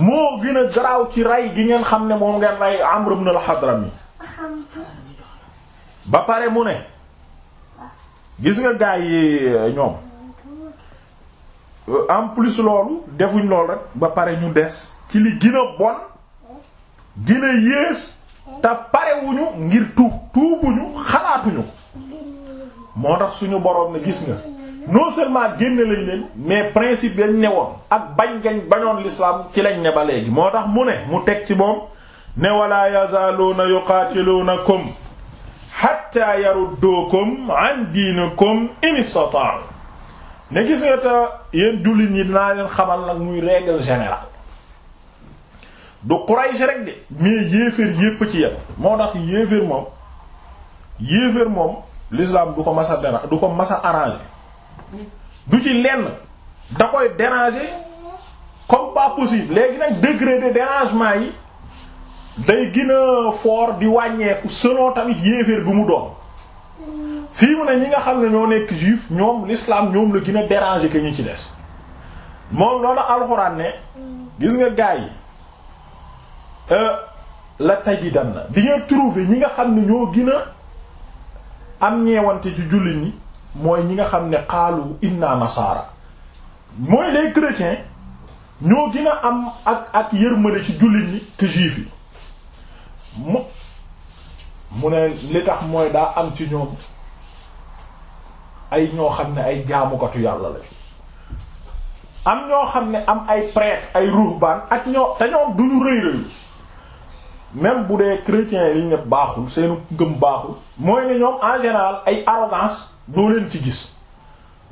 moo gën a garaaw ci ray gi ngeen xam ne moom ngeen rey Amr ibn al-Hadrami ba pare mu ne gis nga gaay yi eh, ñoom euh, en plus loolu defuñ lool rek ba pare ñu des ci li gën a bon gën a yées te parewuñu ngir tuub tuubuñu xalaatuñu moo tax suñu boroom ne gis nga non seulement génne lañ leen mais principe yañ ne woon ak bañ gañ bañoon l'islam ci lañ ne ba léegi moo tax mu ne mu teg ci moom ne walaa yazaaluuna yuqaatiluunakum hatta yarudduukum an diinikum in istata'u ne gis nga te yéen jullit ñi dinaa leen xamal nag muy règle générale du Quraysh rek de mais yéeféer yépp ci yem moo tax yéeféer moom yéeféer moom l'islam du ko mas a du ko mas a ci lenn da koy déranger comme pas possible léegi nag degré de dérangement yi day gën a fort di wàññeeku selon tamit yéeféer bi mu doon fii mu ne ñi nga xam ne ñoo nekk juif ñoom l'islam ñoom la gën a déranger ñu ci des moom loolu alxuraan ne gis nga gaay yi euh, la tajidan na di nga trouver ñi nga xam ne ñoo gën am ñeewante ci jullit ñi mooy ñi nga xam ne xaalu inna nasaara mooy les chrétiens ñoo gën a am ak ak yërmande ci jullit ñi que juif yi mu mu ne li tax mooy daa am ci ñoom ay ñoo xam ne ay jaamukatu yàlla lañ am ñoo xam ne am ay prêtre ay ruhbaan ak ñoo te ñoom duñu rëy rëyu même bu dee chrétiens yi ne baaxul seenu ngëm baaxul mooy ne ñoom en général ay arrogance doo leen ci gis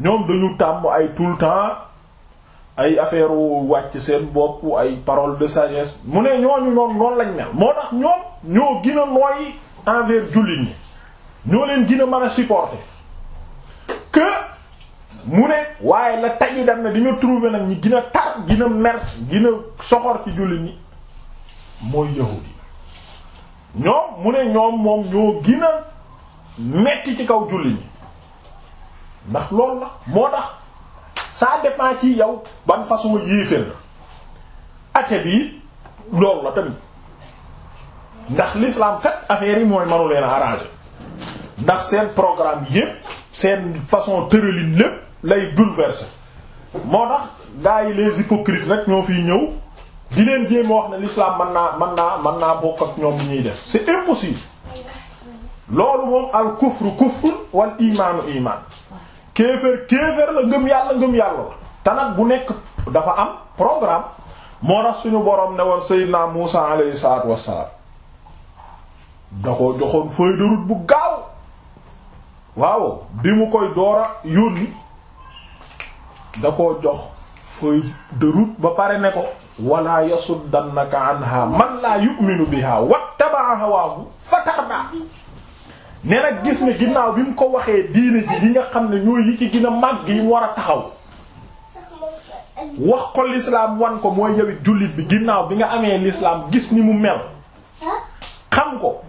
ñoom dañu tàmm ay tout le temps ay affaire wàcc seen bopp ay parole de sagesse mu ne ñooñu noonu noonu lañ mel moo tax ñoom ñoo gën a nooy envers jullit ñi ñoo leen gën man a supporter que mu ne waaye la taji dem na di trouver nag ñi gën a tar gën a mer gën a soxor ci jullit ñi mooy yahudi ñoom mu ne ñoom moom ñoo gën metti ci kaw julli ñi ndax loolu la moo tax ça dépend ci yow ban façon yéefér la ate bi loolu la tamit ndax l'islam kat affaire yi mooy manu leen arranger ndax seen programme yépp seen façon tëralin lépp lay bouleverser moo tax gaa les hypocrites rek ñoo fiy ñëw di leen jéem wax na l'islam mën naa mën naa mën naa bokk ak ñoom ñuy def c'est impossible loolu moom al kufru wal imaanu imaan kéefër kéefër la ngëm yàlla ngëm yàlla la bu nekk dafa am programme moo tax suñu borom ne woon Seydina Muusa alayhi salaatu wassalaam da ko joxoon feuille de bu gaaw waaw bi mu koy doora yónni da ko jox feuille de ba pare ne ko wala yasuddannaka anha man laa yu'minu biha wattaba'a hawaahu fatarda ne nag gis ne ginnaaw bi mu ko waxee diine ji yi nga xam ne ñooy yi ci gën a màgg yi mu war a taxaw wax ko l'islam wan ko mooy yawit jullit bi ginnaaw bi nga amee l'islam gis ni mu mel xam ko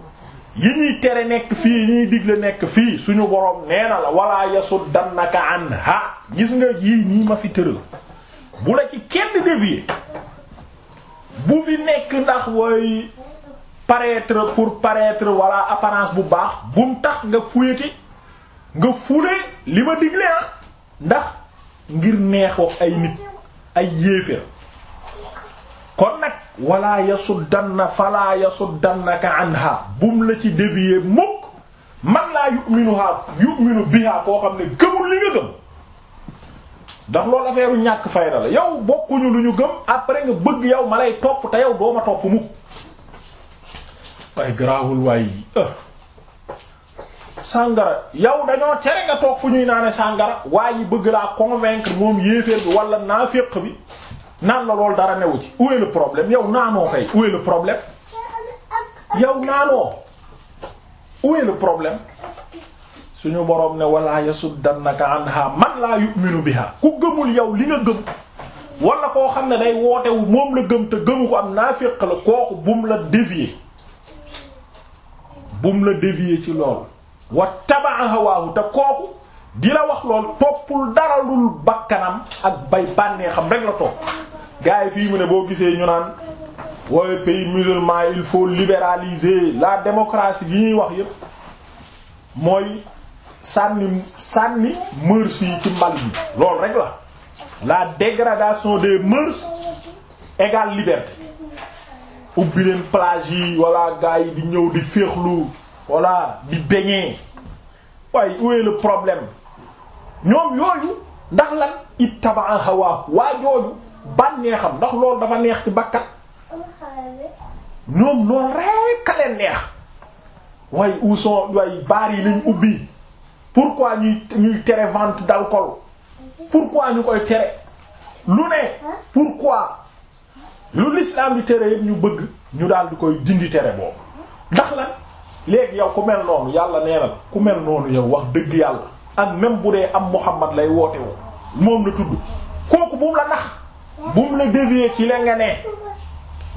yi ñuy tere nekk fii yi ñuy digle nekk fii suñu boroom nee na la wala yasuddannaka anha gis nga yii nii ma fi tëral bu la ci kenn dévier bu fi nekk ndax way paraître pour paraître wala apparence bu baax bum tax nga fuyati nga fule li ma digle ah, ndax ngir neexoo ay nit ay yéefér kon nag walla wala yasuddanna fala yasuddannaka anha bum la ci dévier mukk man laa yu'minuha yu'minu biha koo xam ne gëmul li nga gëm ndax loolu affaire ñàkk fayda la yow bokkuñu lu ñu gëm après nga bëgg yow ma lay topp te yow doo ma topp mukk waaye garaawul waay sàngara yow dañoo tere nga toog fu ñuy naane sàngara waaye yi bëgg laa convaincre moom yéeféer bi naa naaféq bi naan la lool dara newu ci où problème yow naanoo kay où problème yow naanoo où problème suñu boroom ne wala yasuddannaka anha man laa yu'minu biha ku gëmul yow li nga gëm wala koo xam ne day wootewu moom la gëm te gëmu ko am naafiq la kooku bum la dévier bum la dévier ci loolu wa taba'a hawaahu te kooku di la wax lool toppul dara lul bakkanam ak bay bànnee xam rek la topp gars fii mu ne boo gisee ñu naan wooy pays musulman il faut libéraliser la démocratie bi ñuy wax yépp mooy sànni sànni mœurs yi ci mbal bi loolu rek la la dégradation des mœurs égale liberté ubbi leen plage yi walla gars yi di ñëw di féexlu walla di baigner waaye où est problème ñoom yooyu ndax lan ittabaa hawa waa jooju bànneexam ndax loolu dafa neex ci bakkat ñoom loolu rek a leen neex waaye où waaye baar yi lañ ubbi pourquoi ñuy ñuy tere vente pour quoi ñu koy tere lu ne pourquoi lu l'islam di tere yëpp ñu bëgg ñu daal di koy dindi tere boobu ndax la léegi yow ku mel noonu yàlla nee na ku mel noonu yow wax dëgg yàlla ak même bu dee am Muhammad lay woote moom la tudd kooku bu mu la nax bu la dévier ci la nga ne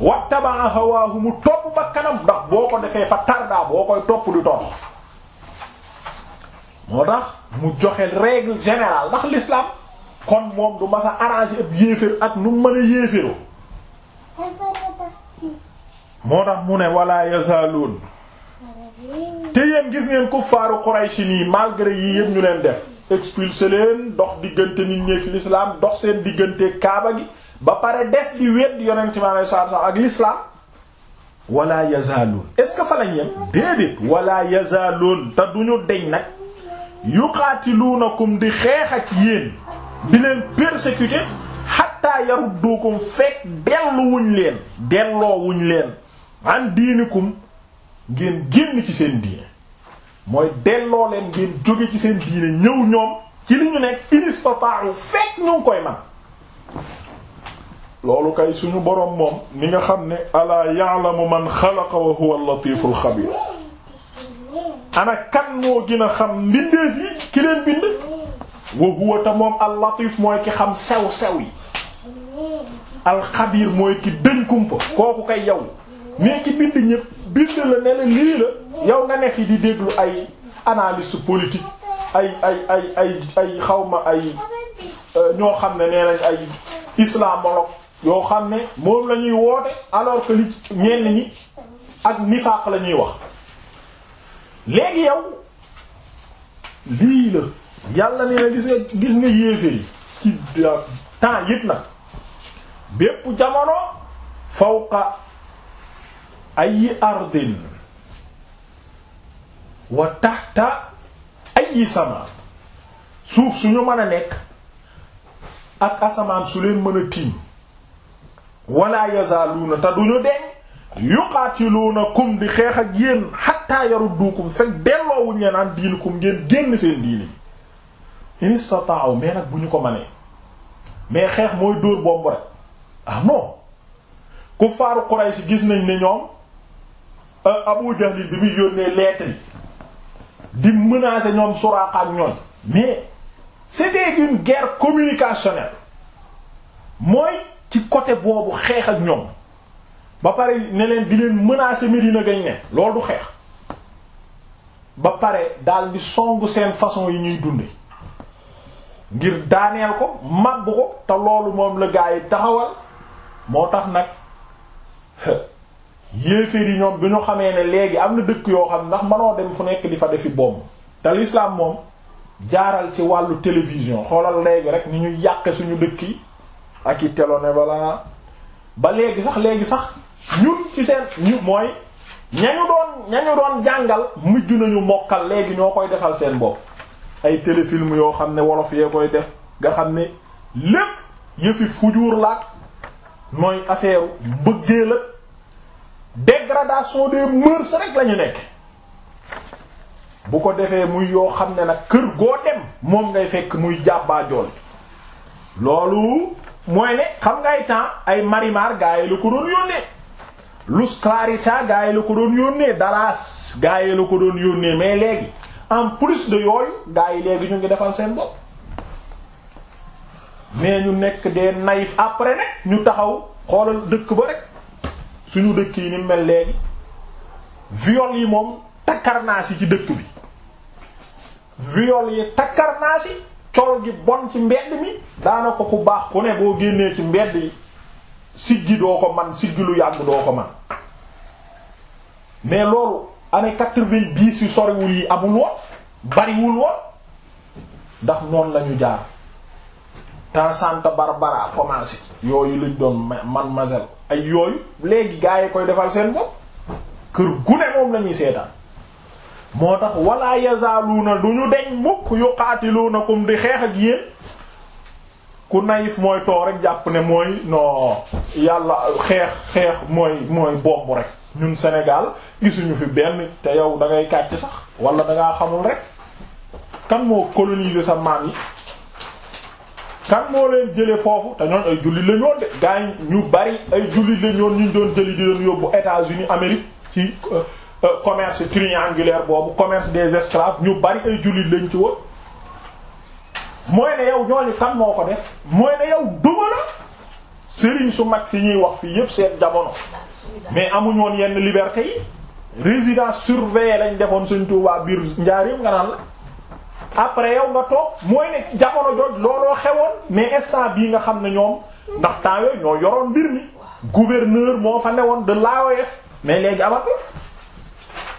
wattaba'a hawaahu mu topp ba kanam ndax boo ko defee fa tardaa boo koy topp du topp moo tax mu joxe règle générale ndax l'islam kon moom du mas a arranger ab yéefér ak nu mën a yéeféru moo tax mu ne wala yazaloon te yéen gis ngeen kuffaaru Quraysh nii malgré yii yëpp ñu leen def expulsé leen dox diggante nit ñi ak l'islam dox seen diggante kaaba gi ba pare des di wedd yonent mi alayhi salaatu ak l'islam wala yazaloon est-ce que fa lañ yem déedéet wala yazaloon te duñu deñ nag yuqaatiluunakum di xeex ak yéen di leen persécuter xatta yarudduukum fekk delluwuñ leen delloowuñ leen an diinikum ngeen génn ci seen diine mooy delloo leen ngeen jóge ci seen diine ñëw ñoom ci li ñu nekk inistata'u fekk ñu ngi koy man loolu kay suñu boroom moom ni nga xam ne alaa ya'lamu man xalaqa wa huwa al-latiful xabiir ana kan moo gën a xam mbindeef yi ki leen bind wa huwa ta moom al-Latif mooy ki xam sew sew yi alxabiir mooy ki dëñ kumpa kooku kay yow mais ki bind ñëpp bind la ne lii la yow nga ne fi di déglu ay analyse politique ay ay ay ay ay xawma ay euh, ñoo xam ne nee nañ ay islamologue yoo xam ne moom lañuy ñuy woote alors que li ñenn ñi ak nifaaq la wax léegi yow lii la yàlla nee gis nga gis nga yéeféer yi ci temps yit nag bépp jamono fawqa ay ardin wa tahta ay sama suuf ñu mën a nekk ak asamaan su leen mën a tiim wala yazaaluuna te duñu deñ yuqaatiluunakum di xeex ak yéen xatta yarudduukum fekk delloowuñ leen an diinukum ngeen génn seen diini in istata'u mais nag bu ñu ko mënee mais xeex mooy dóor bomb rek ah non kuffaaru Quraysh gis nañ ne ñoom euh, Abu Jahl bi muy yónnee lettre di menacer ñoom Suraaqa ak ñooñ mais c'était une guerre mooy ci côté boobu xeex ak ñoom ba pare ne leen di leen menacer Medina gañ ne loolu du xeex ba pare daal di songu seen façon yi ñuy dunde ngir daaneel ko màbb ko te loolu moom la gaa yi taxawal moo tax nag yéeféer yi ñoom bi ñu xamee ne léegi am na dëkk yoo xam ndax manoo dem fu nekk di fa defi bomb te l'islam moom jaaral ci wàllu télévision xoolal léegi rek ni ñu yàqe suñu dëkk yi ak i télone balaa ba léegi sax léegi sax ñun ci seen ñu mooy ñañu doon ñañu doon jàngal mujj nañu mokkal léegi ñoo koy defal seen bopp ay téléfilm yoo xam ne wolof yee koy def nga xam ne lépp yëfi fujuur laat mooy affaire mbëggee la dégradation des mœurs rek lañu nekk bu ko defee muy yoo xam ne nag kër goo dem moom ngay fekk muy jàbbaa jool loolu mooy ne xam ngay temps ay marimar gaa lu ko doon yónnee Luz Clarita gaa yi la ko doon yónnee Dallas gaa yi la ko doon yónnee mais léegi en plus de yooyu gaa yi léegi ñu ngi defal seen bopp mais ñu nekk des naïfs après nag ñu taxaw xoolal dëkk ba rek suñu dëkk yi ni mel léegi viol yi moom takkarnaas yi ci dëkk bi viol yi takkarnaas yi col gi bon ci mbedd mi daana ko ku baax ku ne boo génnee ci mbedd yi siggi doo ko man siggi lu yàgg doo ko man mais loolu année quatre-vingt-dix yu soriwul yi amul woon bariwul woon ndax noonu lañu jaar temps Santa Barbara commencé yooyu lañ doon man mazel ay yooyu léegi gaa yi koy defal seen bopp kër gune moom la ñuy seetaan moo tax wala yazaaluuna du ñu deñ mukk yuqaatiluunakum di xeex ak yéen ku naïf mooy too rek jàpp ne mooy noo yàlla xeex xeex mooy mooy bomb rek ñun Sénégal gisuñu fi benn te yow da ngay kàcc sax wala da xamul rek kan moo coloniser sa maam yi kan moo leen jële foofu te ñooñ ay jullit la ñoon de gaa ñu bari ay jullit la ñoon ñu doon jëli di leen yóbbu États-Unis Amérique ci euh, euh, commerce triangulaire boobu commerce des esclaves ñu bari ay jullit lañ ci woon mooy ne yow ñooñu kan moo ko def mooy ne yow duma la sëriñ su mag si ñuy wax fii yépp seen jamono mais amuñ woon yenn liberté yi résidence surveillée lañ defoon suñ Tuubaa biir njaarim nga naan la après yow nga toog mooy ne jamono jooj looloo xewoon mais instant bii nga xam ne ñoom ndax temps yooyu ñoo yoroon mbir mi gouverneur moo fa newoon de l'AOF mais léegi amatul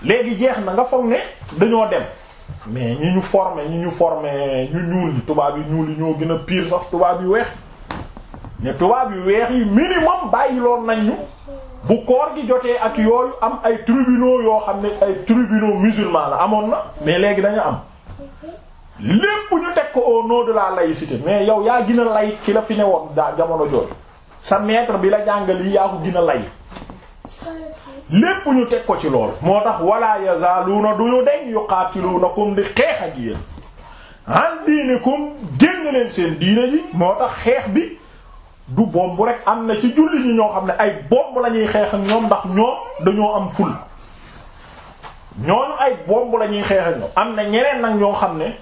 léegi jeex na nga foog ne dañoo dem mais ñi ñu formé ñu ñu ñuul ñi tubaab yu ñuul yi ñoo gën a pire sax tubaab yu weex ne tubaab yu weex yi minimum bàyyiloon nañ ñu bu koor gi jotee ak yooyu am ay tribunaux yoo xam ne ay tribunaux musulmans la amoon na mais léegi dañu am lépp ñu teg ko au nom de la laïcité mais yow yaa gën a lay ki la fi ne woon daa jamono jooju sa maître bi la jàngal yi yaa ko gën a lay lépp ñu teg ko ci lool moo tax wala yazaaluuna du ñu na yuqaatiluunakum di xeex ak yéen an diinikum génn leen seen diine yi moo tax xeex bi du bomb rek am na ci julli ñi ñoo xam ne ay bomb lañuy xeex ak ñoom ndax ñoom dañoo am ful ñooñu ay bomb la ñuy xeex ak ñoom na ñeneen nag ñoo xam ne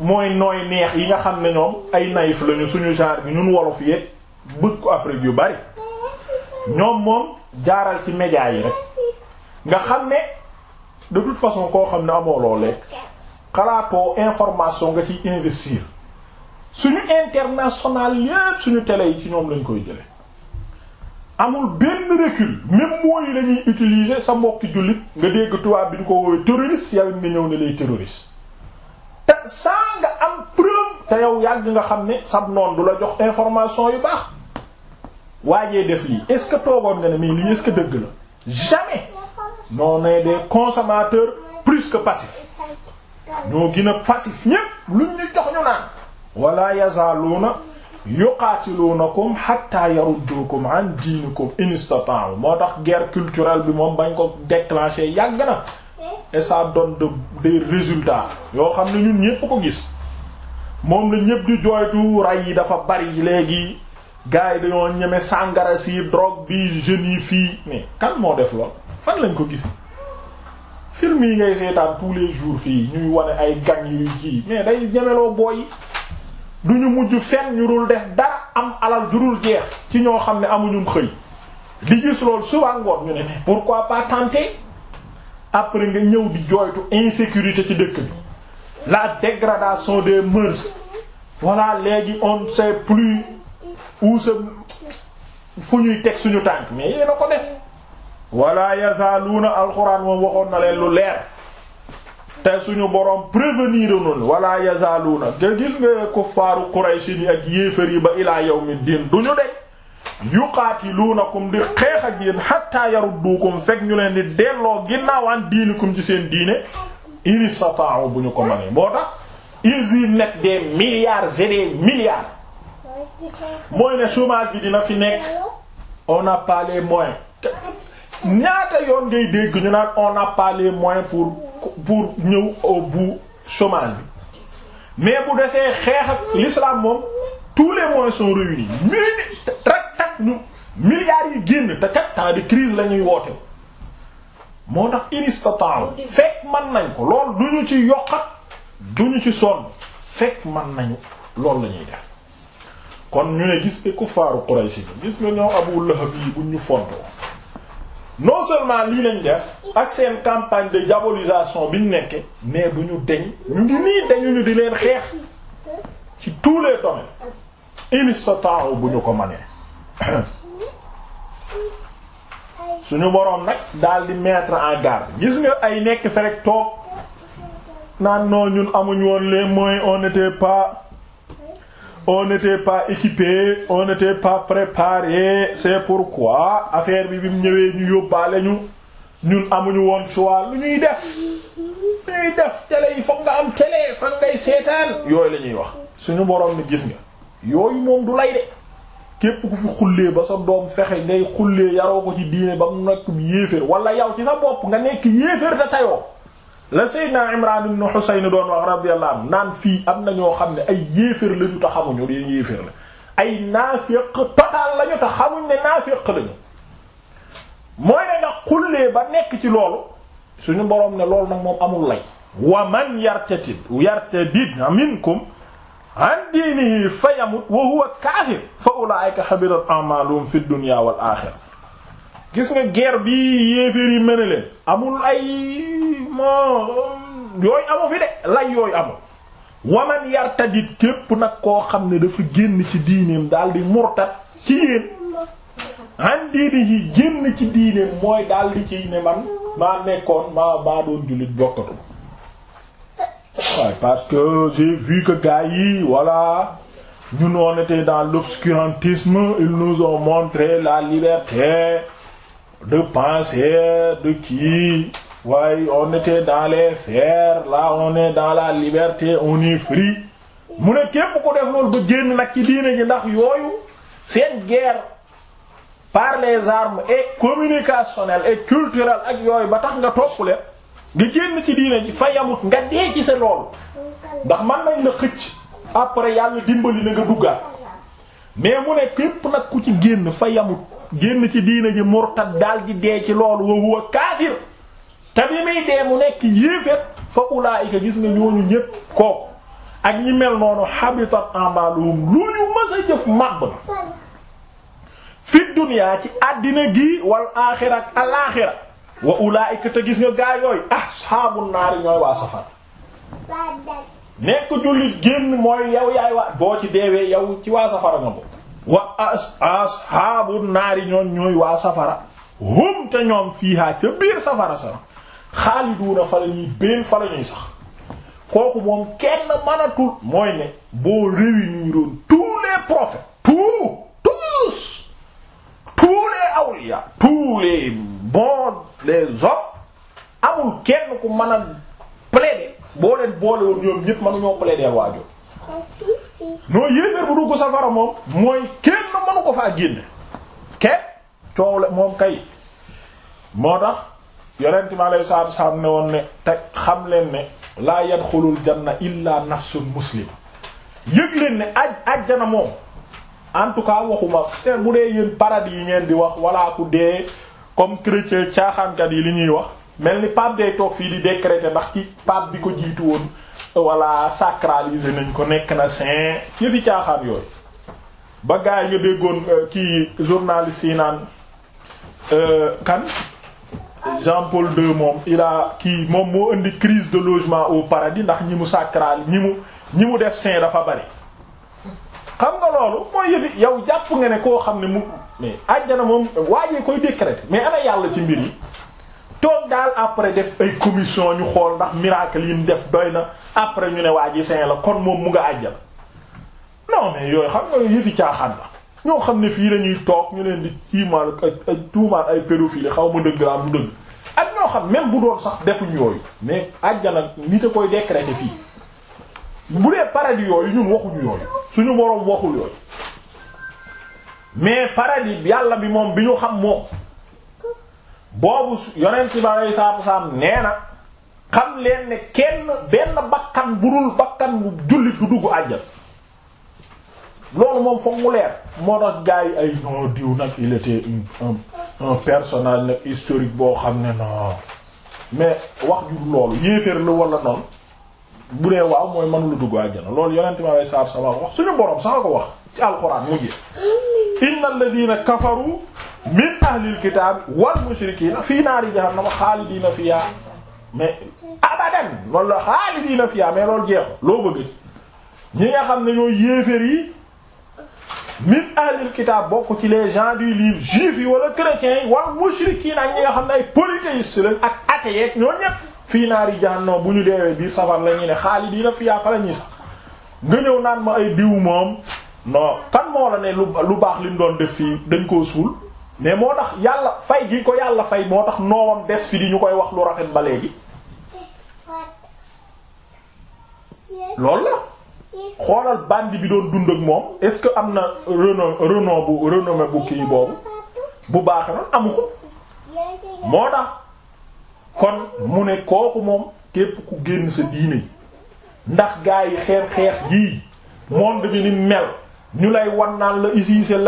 mooy nooy neex yi nga xam ne ñoom ay naïf lañu suñu genre bi ñun wolof yeeg bëgg ko Afrique yu bari ñoom moom jaaral ci média yi rek nga xam ne de toute façon koo xam ne amoo loo xalaatoo information nga ciy investir suñu international yépp suñu tele yi ci ñoom lañ koy jële amul benn recul même lañuy la utiliser sa mbokki jullit nga dégg tubaab bi ñu ko woowee terroriste yow nga ñëw ne lay terroriste te saa nga am preuve te yow yàgg nga xam ne sab noon du la jox information yi baax waajee def lii est-ce que toogoon nga ne mais lii est-ce dëgg la jamais non ne des consommateurs plus que passifs ñoo gën a passif ñépp luñ ñu jox ñu naan wala yazaaluuna yuqaatiluunakum hatta yaruddukum an diinikum in istata'u moo tax guerre culturelle bi moom bañ ko déclencher yàgg na et ça donne de résultat yoo xam ne ñun ñépp ko gis moom la ñépp di jooytu rey yi dafa bari léegi gars yi dañoo ñeme sàngara si drogue bi jeunes yi fii mais kan moo def lool fan lañ ko gis film yi ngay seetaan tous les jours fii ñuy wane ay gang yuy jii mais day ñemeloo booy du ñu mujj fenn ñu dul def dara am alal ju jeex ci ñoo xam ne amuñu xëy di gis loolu suba ñu ne mais pourquoi pas tenter après nga ñëw di jooytu insécurité ci dëkk bi la dégradation des mœurs voilà léegi on ne plus ou fu ñuy teg suñu tànk mais yéena ko def wala yazaaluuna alxuraan moom waxoon na leen lu leer te suñu boroom prévenir noonu wala yazaaluuna nga gis nga kuffaaru Quraysh ni ak yéefar yi ba ilaa yawmiddin duñu de yuqaatiluunakum di xeex ak yéen hatta yarudduukum fekk ñu leen di delloo ginnaawaan diinikum ci seen diine in istata'u bu ñu ko mënee moo tax ils y mettent des milliards et milliards mooy ne chômage bi dina fi nekk on n'a pas les ñaata yoon ngay dégg ñu naan on n'a pas les moyens pour pour ñëw au bout bi mais bu desee xeex ak l'islam moom tous les moyens sont réunis mili rek tak ñu milliards yi génn te kat temps de crise la ñuy woote moo tax inistatan fekk man nañ ko lool du ci yokkat du ñu ci sonn fekk mën nañu loolu def kon ñu ne gis nga kuffaaru Quraysh bi gis nga ñoo Abu Lahab yi buñ ñu fontoo non seulement lii lañ def ak seen campagne de diabolisation biñ nekke mais du ñu deñ ñu ngi nii di leen xeex ci tous les domaines in istata'u bu ñu ko mënee suñu boroom nag daal di mettre en garde gis nga ay nekk ferek toog naan noo ñun amuñ woon les moyens on n'était pas on n'était pas équipé on n'était pas préparé c'est pourquoi affaire bi bi mu ñëwee ñu yóbbaale ñu ñun amuñu woon choix lu ñuy def lu ñuy def télé yi foog nga am télé fan ngay seetaan yooyu la wax suñu boroom ni gis nga yooyu moom du lay de képp ku fi xullee ba sa doom fexe ngay xullee yaroo ko ci diine ba mu nekk yéeféer wala yow ci sa bopp nga nekk yéeféer te tayoo la Seydina Imran ibn Husayn doon wax radiyallahu anhu naan fii am na ñoo xam ne ay yéefér lañu te xamuñu yéen yéefér la ay naafiq total lañu te xamuñ ne naafiq lañu mooy ne nga xullee ba nekk ci loolu suñu boroom ne loolu nag moom amul lay wa man yartatid yartadid minkum an diinihi fa yamut wa huwa kaafir fa ulaa'ika habitat a'maaluhum fid dunya wal aaxira gis nga guerre bi yéeféer yi mën leen amul ay moo yooyu amu fi de lay yooyu amu waman yartadit képp nag koo xam ne dafa génn ci diineem daal di murtat ci yéen an yi génn ci diineem mooy daal di ci ne man maa nekkoon maa doon jullit bokkatu waaye parce que j'ai vu yi voilà ñun on était dans l'obscurantisme ils nous ont montré la liberté de penser de qui waaye on était dans les fers là on est dans la liberté on est mu ne képp ko def loolu ba génn nag ci diine ji ndax yooyu seen guerre par les armes et communicationnelle et culturelle ak yooyu ba tax nga topp leen nga génn ci diine ji fa yamut nga dee ci sa loolu ndax man nañ la xëcc après yàlla dimbali la nga duggaat mais mu ne képp nag ku ci génn fa yamut génn ci diina ji murtad daal di dee ci loolu wa huwa kaafir te bi muy dee mu nekk yéeféet fa ulaayika gis nga ñooñu ñépp kooku ak ñi mel noonu habitat amaluhum lu ñu mës a jëf màbb na fi dunya ci àddina gi wal aaxira ak al aaxira wa ulaayika te gis nga gaa yooyu asxaabu naari ñooy waa safar nekk jullit génn mooy yow yaay waa boo ci deewee yow ci waa safara nga bokk wa ashaabu naari ñoon ñooy waa safara hum te ñoom fiihaa ca biir safara sa xaaliduuna fa la ñuy béel fa la ñuy sax kooku moom kenn mënatul mooy ne boo réuniroon tous les prophètes tous tous les awliya tous les bons les hommes amul kenn ku mën a plaider boo leen boole woon ñoom ñépp mënuñoo plaider waajur non yéeféer bu safara moom mooy kenn mënu ko faa génne kenn coow la moom kay moo tax yonent mi alayhi salaatu wasalaam ne woon ne te xam leen ne laa yadxulul janna illa nafsun muslima yëg leen ne aj ajjana moom en tout cas waxuma seen bu dee yéen paradis yi ngeen di wax walla ku dee comme chrétien caaxaankat yi li ñuy wax mel ni pape day toog fii di décréter ndax ci pape bi ko jiitu woon wala sacraliser nañ ko nekk na saint yëfi caaxaan yooyu ba gaa yi nga déggoon euh, kii journaliste yi naan euh, kan Jean-Paul II moom il kii moom moo indi crise de logement au paradis ndax ñi mu sacral ñi mu ñi mu def saint dafa bari xam nga loolu mooy yëfi yow jàpp nga ne koo xam ne mu mais na moom waajee koy décréter mais ana yàlla ci mbir yi toog daal après def ay commission ñu xool ndax miracle yi mu def doy na après ñu ne waa ji saint la kon moom mu nga àjjal non mais yooyu xam nga yëfi caaxaan la ñoo xam ne fii lañuy toog ñu leen di ciimaal ay tuumaal ay pédophile xaw ma dëgg laa mu dëgg ak ñoo xam même bu doon sax defuñu yooyu mais àjjana nit a koy décréter fii bu dee paradis yooyu ñun waxuñu yooyu suñu boroom waxul yooyu mais paradis yàlla bi moom bi ñu xam moom boobu yonent bi aleyhi salaatu wasalaam nee xam leen ne kenn benn bakkan bu dul bakkan bu jullit du dugg àjjal loolu moom foog moo tax gars yi ay non diw nag il était un un personnage historique boo xam ne non mais wax ju loolu yéeféer la wala noonu bu dee waaw mooy mënula dugg àjjana loolu yonent bi aleyhi salaatu wasalaam wax suñu borom sax ko wax ci alxuraan mujje inna alladhina kafaru min ahlil kitaab wal mushrikiina fii naari jahannama xaalidiina fiha mais abadan loolu la xaalidiina fiha mais loolu jeexu loo bëgg ñi nga xam ne ñooy yéefér yi min ahlil kitaab bokk ci les gens du livre juifs yi wala chrétiens yi wal mushrikiina ak ñi nga xam ne ay polythéistes lañ ak athées ñoo ñépp fii naari jahannama bu ñu deewee biir safar la ne xaalidiina fiha fa la nga ñëw naan ma ay diw moom non kan moo la ne lu baax li doon def fii dañ koo suul mais moo tax yàlla fay gi ko yàlla fay moo tax noowam des fi di ñu koy wax lu rafet ba léegi loolu la xoolal bandi bi doon dund ak moom est-ce que am na renom renom bu renommé bu kii boobu bu baax na amu ko moo tax kon mu ne kooku moom képp ku génn sa diine ndax gaa yi xeex xeex yii monde bi ni mel ñu lay wan naan la ici c'est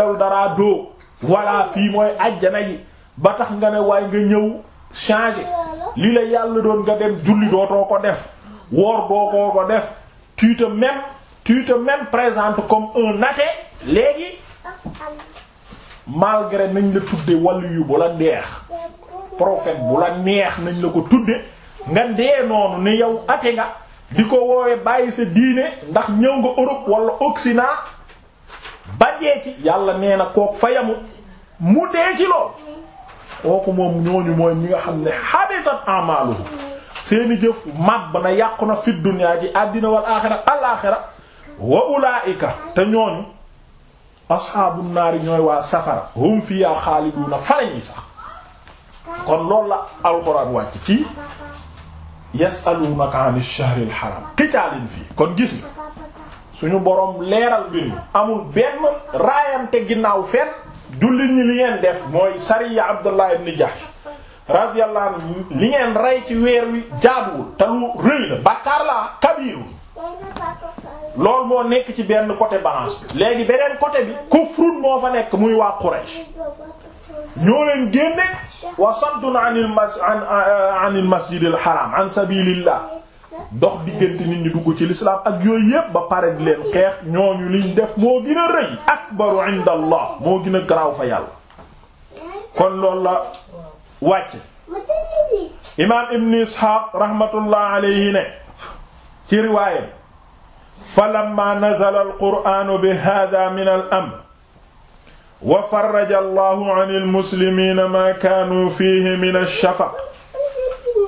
dóo voilà fii mooy ajjana ji ba tax nga ne waaye nga ñëw changer li la yàlla doon nga dem julli dootoo ko def woor dootoo ko ko def tu te même tu te comme un athée léegi malgré nañ la tudde waliyu bu la neex prophète bu la neex nañ la ko tudde nga dee noonu ne yow athée nga di ko woowee bàyyi sa diine ndax ñëw nga Europe walla Occident ba ci yàlla nee na kook fa yamut mu dee ci lool kooku moom ñooñu mooy ñi nga xam ne habitat amaluhu seeni jëf màbb na yàqu na fi dunya ji àddina wal aaxira al aaxira wa ulaa'ika te alxuraan wàcc ci yasaluunaka shahril haraam qitaalin fii kon gis suñu borom leeral bi mi amul benn raayante ginnaaw fenn jullit ñi li ngeen def mooy sariya Abdullah ibn Jahsh radiyallahu anhu li ngeen rey ci weer wi jaaduwul te lu rëy la bàkkaar la kabiru loolu moo nekk ci benn côté balance bi léegi beneen côté bi kufrun moo fa nekk muy waa Quraysh ñoo leen génne wa saddun anil mas an anil masjidil haram an sabilillah dox diggante nit ñi dugg ci lislaam ak yooyu yépp ba pare di leen xeex ñooñu liñ def moo gën a rëy akbaru inda allah moo gën a garaaw fa yàlla kon loolu la wàcc imaam ibn isxaaq rahmatullah alayhi ne ci riwaayam fa lamma nazala alqur'aanu bi haaza min al amr wa farraja allahu an almuslimiina maa kaanuu fiihi min alshafaq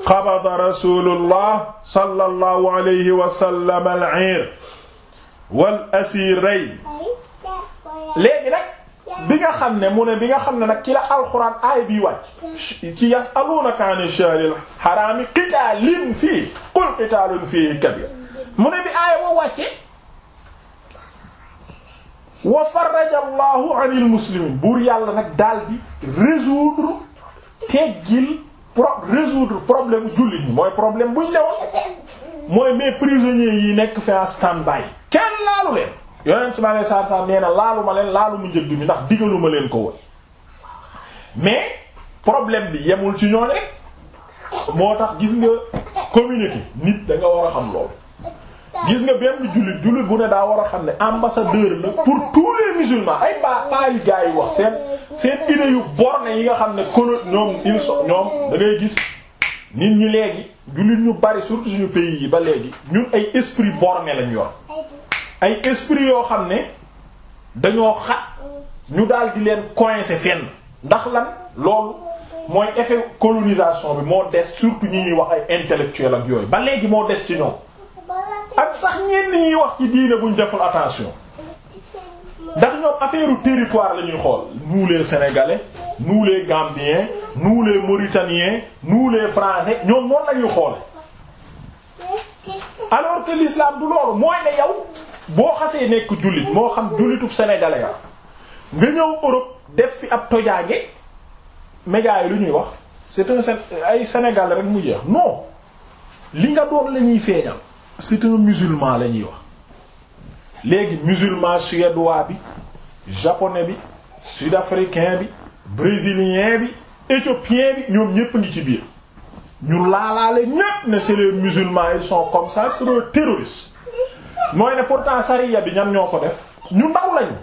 qabada rasulullah sallallahu alayhi wa sallam al-ayr wal asirayn léegi nag bi nga xam ne mu ne bi nga xam ne nag ci la alxuraan aay bi wàcc ci yas'alunaka ani shahril haraami qitaalin fii qul qitaalun fii kabiir mu ne bi aay boo wàcce wa faraja allahu anil muslimiin buur yàlla nag daal di résoudre teggil pro résoudre problème jullit ñi mooy problème buñ newoon mooy mais prisonniers yi nekk fi en stand-by kenn laalu leen yoneen ci ma ne saar saar nee na laalu ma leen laalu mu njëg bi ndax digalu ma leen ko woon mais problème bi yemul ci ñoo rek moo tax gis nga communauté nit da nga war a xam loolu gis nga benn jullit jullit bu ne daa war a xam ne ambassadeur na pour tous les musulmans ay ba baali gars yi wax seen seen idée yu borne yi nga xam ne kono ñoom il so ñoom da ngay gis nit ñi léegi jullit ñu bari surtout suñu pays yi ba léegi ñun ay esprit borné lañ yor ay esprit yoo xam ne dañoo xat ñu daal di leen coincé fenn ndax lan loolu mooy effet colonisation bi moo des surtout ñu ñuy wax ay intellectuel ak yooyu ba léegi moo des ci ñoom ak sax ñenn ñi wax ci diine buñ deful attention ndax ñoom affaire territoire la ñuy xool nous les sénégalais nous les gambiens nous les mauritaniens nous les français ñoom noonu la ñuy xoole que l'islam du loolu mooy ne yow boo xasee nekk jullit moo xam jullitub sénégalais la nga ñëw Europe def fi ab tojaange médias yi lu ñuy wax c'est un ay sénégalais rek mu jeex non li nga doon la feeñal. c'est un musulman la ñuy wax léegi musulman suédois bi japonais bi sud-africain bi brésilien bi éthiopien bi ñoom ñépp ngi ci biir ñu laalaale ñépp ne c'est les musulmans ils sont comme ça c'est des terroristes ne pourtant sariya bi ñan ñoo ko def ñu ndaw lañu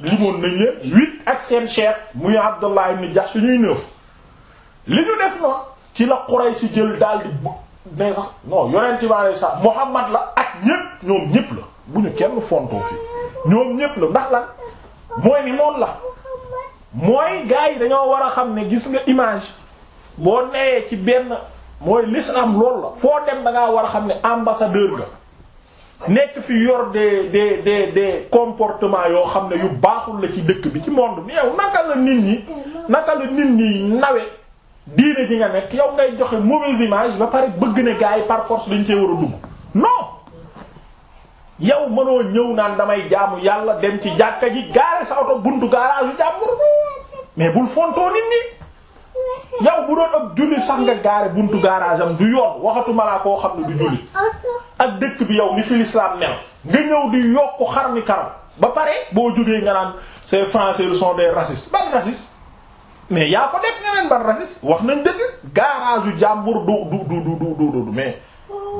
limoon nañ leen huit ak seen chef muy Abdullah ibn Jahsh ñuy neuf li ñu def noonu ci la si jël daal ne sax non yonent bi alei salam Muhammad la ak ñépp ñoom ñépp la bu ñu kenn fontoo fi ñoom ñépp la ndax la mooy ni noonu la mooy gars yi dañoo war a xam ne gis nga image boo newee ci benn mooy l'islam loolu la foo dem da ngaa war a xam ne ambassadeur ga nekk fi yor de des de des comportement yoo xam ne yu baaxul la ci dëkk bi ci monde bi yow naka la nit ñi naka la nit ñi nawe diine ji nga nekk yow ngay joxe mauvaise image ba pare bëgg ne gars yi par force dañ cee war a dugg non yow mënoo ñëw naan damay jaamu yàlla dem ci jàkka ji gaare sa oto buntu garage yu jàmbur mais bul fontoo nit ñi yow bu doon ak jullit sax nga gaare buntu garage am du yoon waxatuma laa koo xam ne du jullit ak dëkk bi yow ni fi l'islam nga ñëw di yokk xar mi karam ba pare boo jógee nga naan ces français sont des racistes ban raciste mais yaa ko def nga neen ban raciste wax nañ dëgg garage yu jàmbur du du du du du du du mais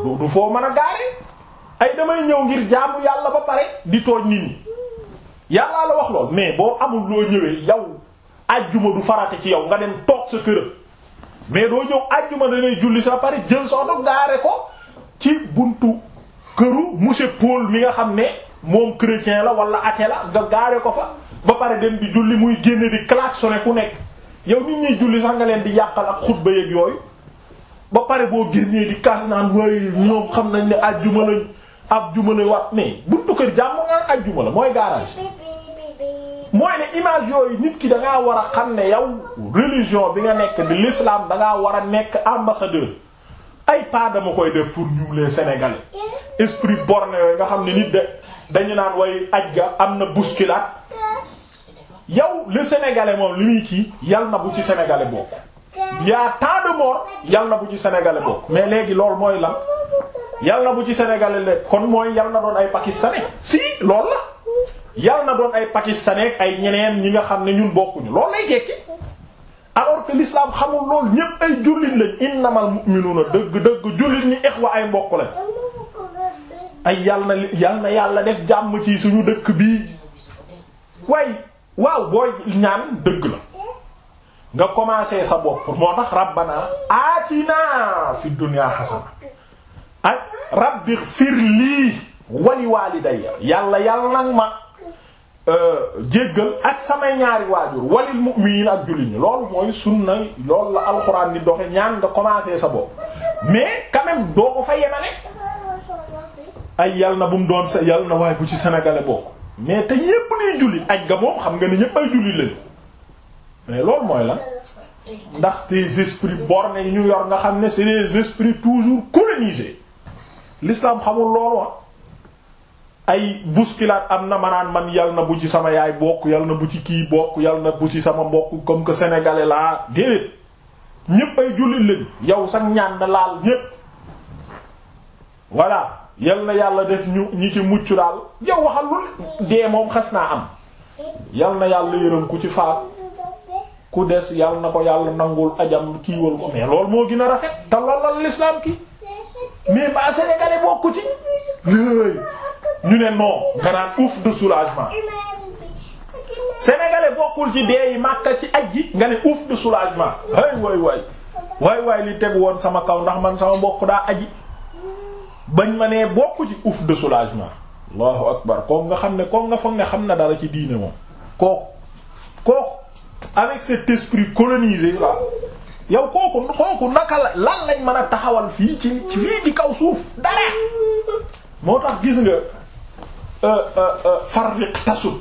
du du foo mën a gaare ay damay ñëw ngir jaamu yàlla ba pare di tooñ nit ñi yàllaa la wax lool mais boo amul loo ñëwee yow ajjuma du farate ci yow nga dem toog sa këram mais doo ñëw ajjuma da ngay julli sa pare jël sa oto gaare ko ci buntu këru monsieur Paul mi nga xam ne moom chrétien la wala athée la nga gaare ko fa ba pare dem di julli muy génne di klaxonner fu nekk. yow nit ñuy julli sax nga leen di yàqal ak xutba yeeg yooyu ba pare boo génnee di kaas naan waaye ñoom xam nañ ne àjjuma lañ àjjuma la wat ne buntu kër jàmm la mooy garage mooy ne image yooyu nit ki da war a xam ne yow religion bi nga nekk di l'islam da war a nekk ambassadeur ay pas dama koy def pour ñu les sénégalais esprit borné yooyu nga xam ne nit de dañu naan way aj ga am na bousculade yow le sénégalais moom li muy kii yal na bu ci sénégalais boobu y'a tant yal na bu ci sénégalais bokk mais léegi loolu mooy la yal na bu ci sénégalais le kon mooy yal na doon ay pakistanais si loolu yal na doon ay pakistanais ay ñeneen ñi nga xam ne ñun bokkuñu lool lay tekki alors que l'islam xamul loolu ñépp ay jullit lañ innamal mu'minuna dëgg dëgg jullit ñi ixwa ay mbokk lañ ay yal na yal na yàlla def jàmm ci suñu dëkk bii way waaw booy ñaan dëgg la nga commencé sa bopp moo tax rabbana aatina fi dunya hasana ak rabbi fir lii wali waalidayya yàlla yàlla nag ma euh, jéggal ak samay ñaari waajur walil mu'minin ak jullit ñi loolu mooy sunna loolu la alxuraan ni doxe ñaan nga commencé sa bopp mais quand même doo ko fa yemale ay yal na bu mu doon sa yal na waaye bu ci sénégalais bokk mais te ñépp lay jullit aj ga moom xam nga ne ñépp ay jullit lañu mais loolu mooy la ndax tes esprits bornés yi ñu yor nga xam ne c'est des esprits toujours colonisés l'islam xamul loolu wa ah. ay bousculade am na manaan man yal na bu ci sama yaay bokk yal na bu ci kii bokk yal na bu ci sama mbokk comme que sénégalais laa déedéet ñépp ay jullit lañu yow sax ñaan na laal ñépp voilà yal na yàlla def ñu ñi ci mucc daal yow waxal lu dee moom xas naa am yal na yàlla yërëm ku ci faat ku des yal na ko yàlla nangul ajam kiiwal ko mais lool moo gën a rafet te loolal l'islam ki mais ba sénégalais bokk ci ñu ne non nga naan ouf de soulagement bokkul ci dee yi màkka ci aj gi nga ne ouf de soulagement ay waay waay waay waay li teg woon sama kaw ndax man sama mbokk daa aji bañ ma nee bokk ci ouf de soulagement allahu akbar kooku nga xam ne kooku nga foog ne xam na dara ci diine moom kooku kooku avec cet esprit colonisé yow kooku kooku naka la lan lañ mën a taxawal fii ci fii ci kaw suuf dara moo tax gis nga euh, euh, euh, farriq tasut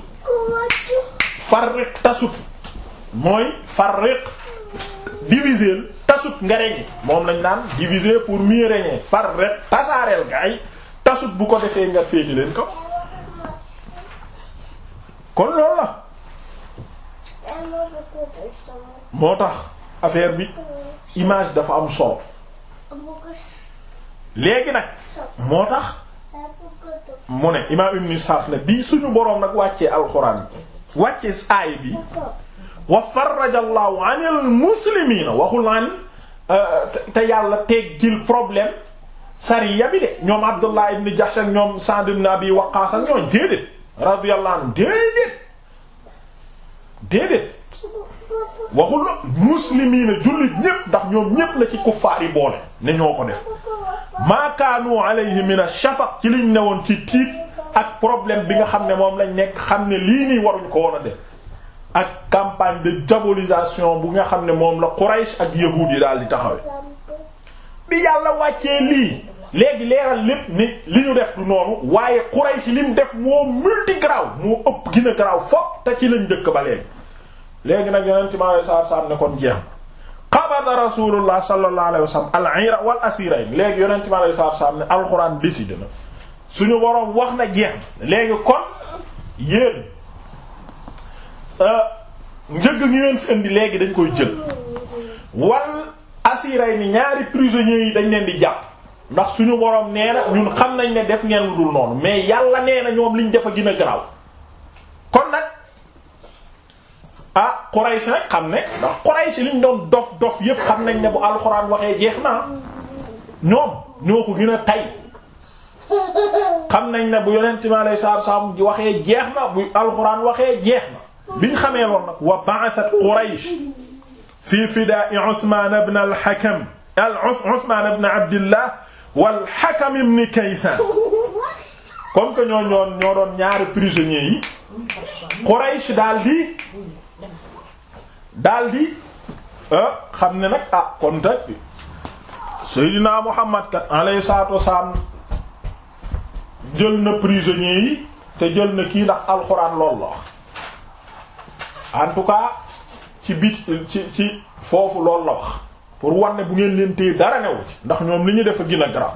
farriq tasut mooy farriq diviser tasut nga reñe moom lañ naan diviser pour mieux régner far rek tasaareel nga ay tasut bu ko defee nga féeti leen kaw kon loolu la moo tax affaire bi image dafa am solo léegi nag moo tax mu ne imaam Ibn Ishaq ne bii suñu boroom nag wàccee alxuraan wàccee saay bi wa farraja Allahu anil muslimiina waxul an euh, te yàlla teggil problème sariya bi de ñoom Abdullah ibn Jahsh ak ñoom Sa'd ibn Abi Waqqaas ak ñoom déedéet radiyallahu anhu déedéet déedéet waxul muslimiina jullit ñépp ndax ñoom ñépp la ci kuffaar yi boole ne ñoo ko def maa kaanu alayhi min ash-shafaq ci liñ newoon ci tiit ak problème bi nga xam ne moom lañ nekk xam ne lii nii waruñ ko woon a def ak campagne de diabolisation bu nga xam ne moom la Quraysh ak yahuud yi daal di taxawe bi yàlla wàccee lii léegi leeral lépp ni li ñu def du noonu waaye Quraysh li mu def moo multi graw moo ëpp gina graw fopp te ci lañ dëkk ba léegi léegi nag yeneen ci ma saar saar ne kon jeex qabada rasulullah sallallahu alayhi wasallam al-ira wal asirayn léegi yonent mi alayhi salaatu salaam ne alxuraan décidé na suñu waroon wax na jeex léegi kon yéen njëgg ngi leen fi indi léegi dañ koy jël wal asiray ni ñaari prisonniers yi dañ leen di jàpp ndax suñu borom nee na ñun xam nañ ne def ngeen lu noonu mais yàlla nee na ñoom liñ def a gën a garaaw kon nag ah Quraysh nag xam ne ndax Quraysh liñ doon dof dof yépp xam nañ ne bu alxuraan waxee jeex na ñoom ñoo ko gën a xam nañ ne bu yonent mi alayhi salaatu salaam waxee jeex na bu alxuraan waxee jeex na biñ xamee lool nag wa ba'athat Quraysh fi fidaa'i Usmaan ibn al-Hakam al Abdillah wal Hakam ibn Kaysaan comme que ñoo ñoo doon ñaari prisonniers yi Quraysh daal di daal ah, xam ne nag ah kon tag Seydina Muhammad jël na prisonniers yi te jël na kii ndax alxuraan loolu la en tout cas ci bit ci ci foofu loolu la wax pour war bu ngeen leen téye dara newu ci ndax ñoom li ñu def a gën a garab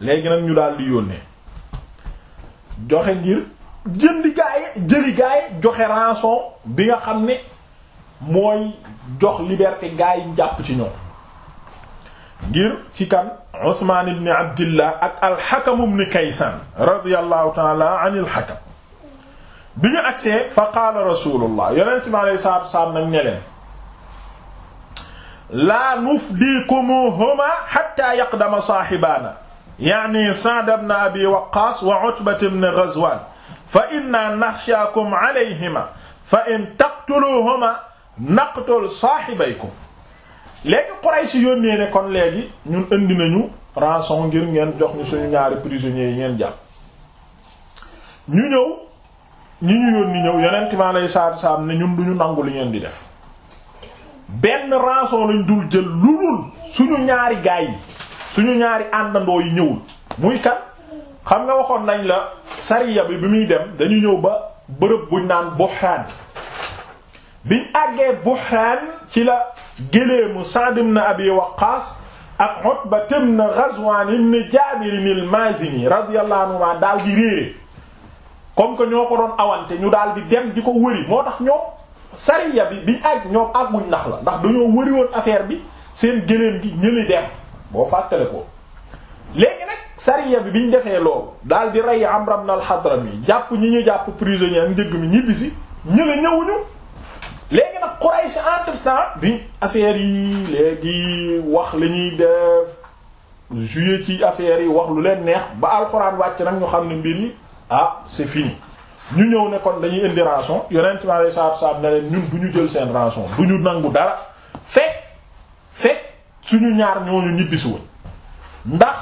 léegi nag ñu daal di yónnee joxe ngir jëndi gaaye jëli gaaye joxe rançon bi nga xam ne mooy jox liberté gaa yi jàpp ci ñoom ngir ci kan Usmaan ibn Abdillah ak al-Hakam ibn Kaysan radiyallahu ta'ala anil Hakam bi ñu agsee fa qaala rasulullah yonent mi alayhi salaatu nag ne leen laa nufdikumuhuma hatta yaqdama saahibaana yaani Sa'd ibn Abi Waqqaas wa Utba ibn Ghazwaan fa inna naxshaakum alayhima fa in taqtuluhuma naqtul saahibaykum léegi Quraysh yónnee ne kon léegi ñun indi nañu rançon ngir ngeen jox ñu suñu ñaari prisonniers yi ngeen jàpp ñu ñu yónni ñëw yonent mi alayhi salaatu wassalaam duñu nangu li ngeen di benn rançon lañ dul jël lu dul suñu ñaari gaay yi suñu ñaari àndandoo yi ñëwul muy kat xam nga waxoon nañ la sariya bi bi muy dem dañu ñëw ba bërëb buñ naan Buhraan biñ àggee Buhraan ci la géléemu Sa'd na Abi Waqqaas ak Utba ibn Ghazwaan ibn Jaabir al-Maazini radiyallahu anhu daal comme que ñoo ko doon awante ñu daal di dem di ko wëri moo tax ñoo sariya bi bi àgg ñoom àgguñ nax la ndax dañoo wëri woon affaire bi seen gëléem gi ñëli dem boo fàttale ko léegi nag sariya bi biñ defee loolu daal di rey Amr ibn al-Hadrami jàpp ñi ñu jàpp prisonnier ak njëgg mi ñibbisi ñële ñëwuñu léegi nag Quraysh entre-temps bi affaire yi léegi wax lañuy ñuy def jouer ci affaire yi wax lu leen neex ba alxuraan wàcc nag ñu xam ne mbir yi ah c'est fini ñu ñëw nekkoon kon dañuy indi rançon yonent mi alayhi salaatu salaam ne ñun du ñu jël seen rançon du ñu nangu dara fekk fekk suñu ñaar ñooñu ñibbisi woon ndax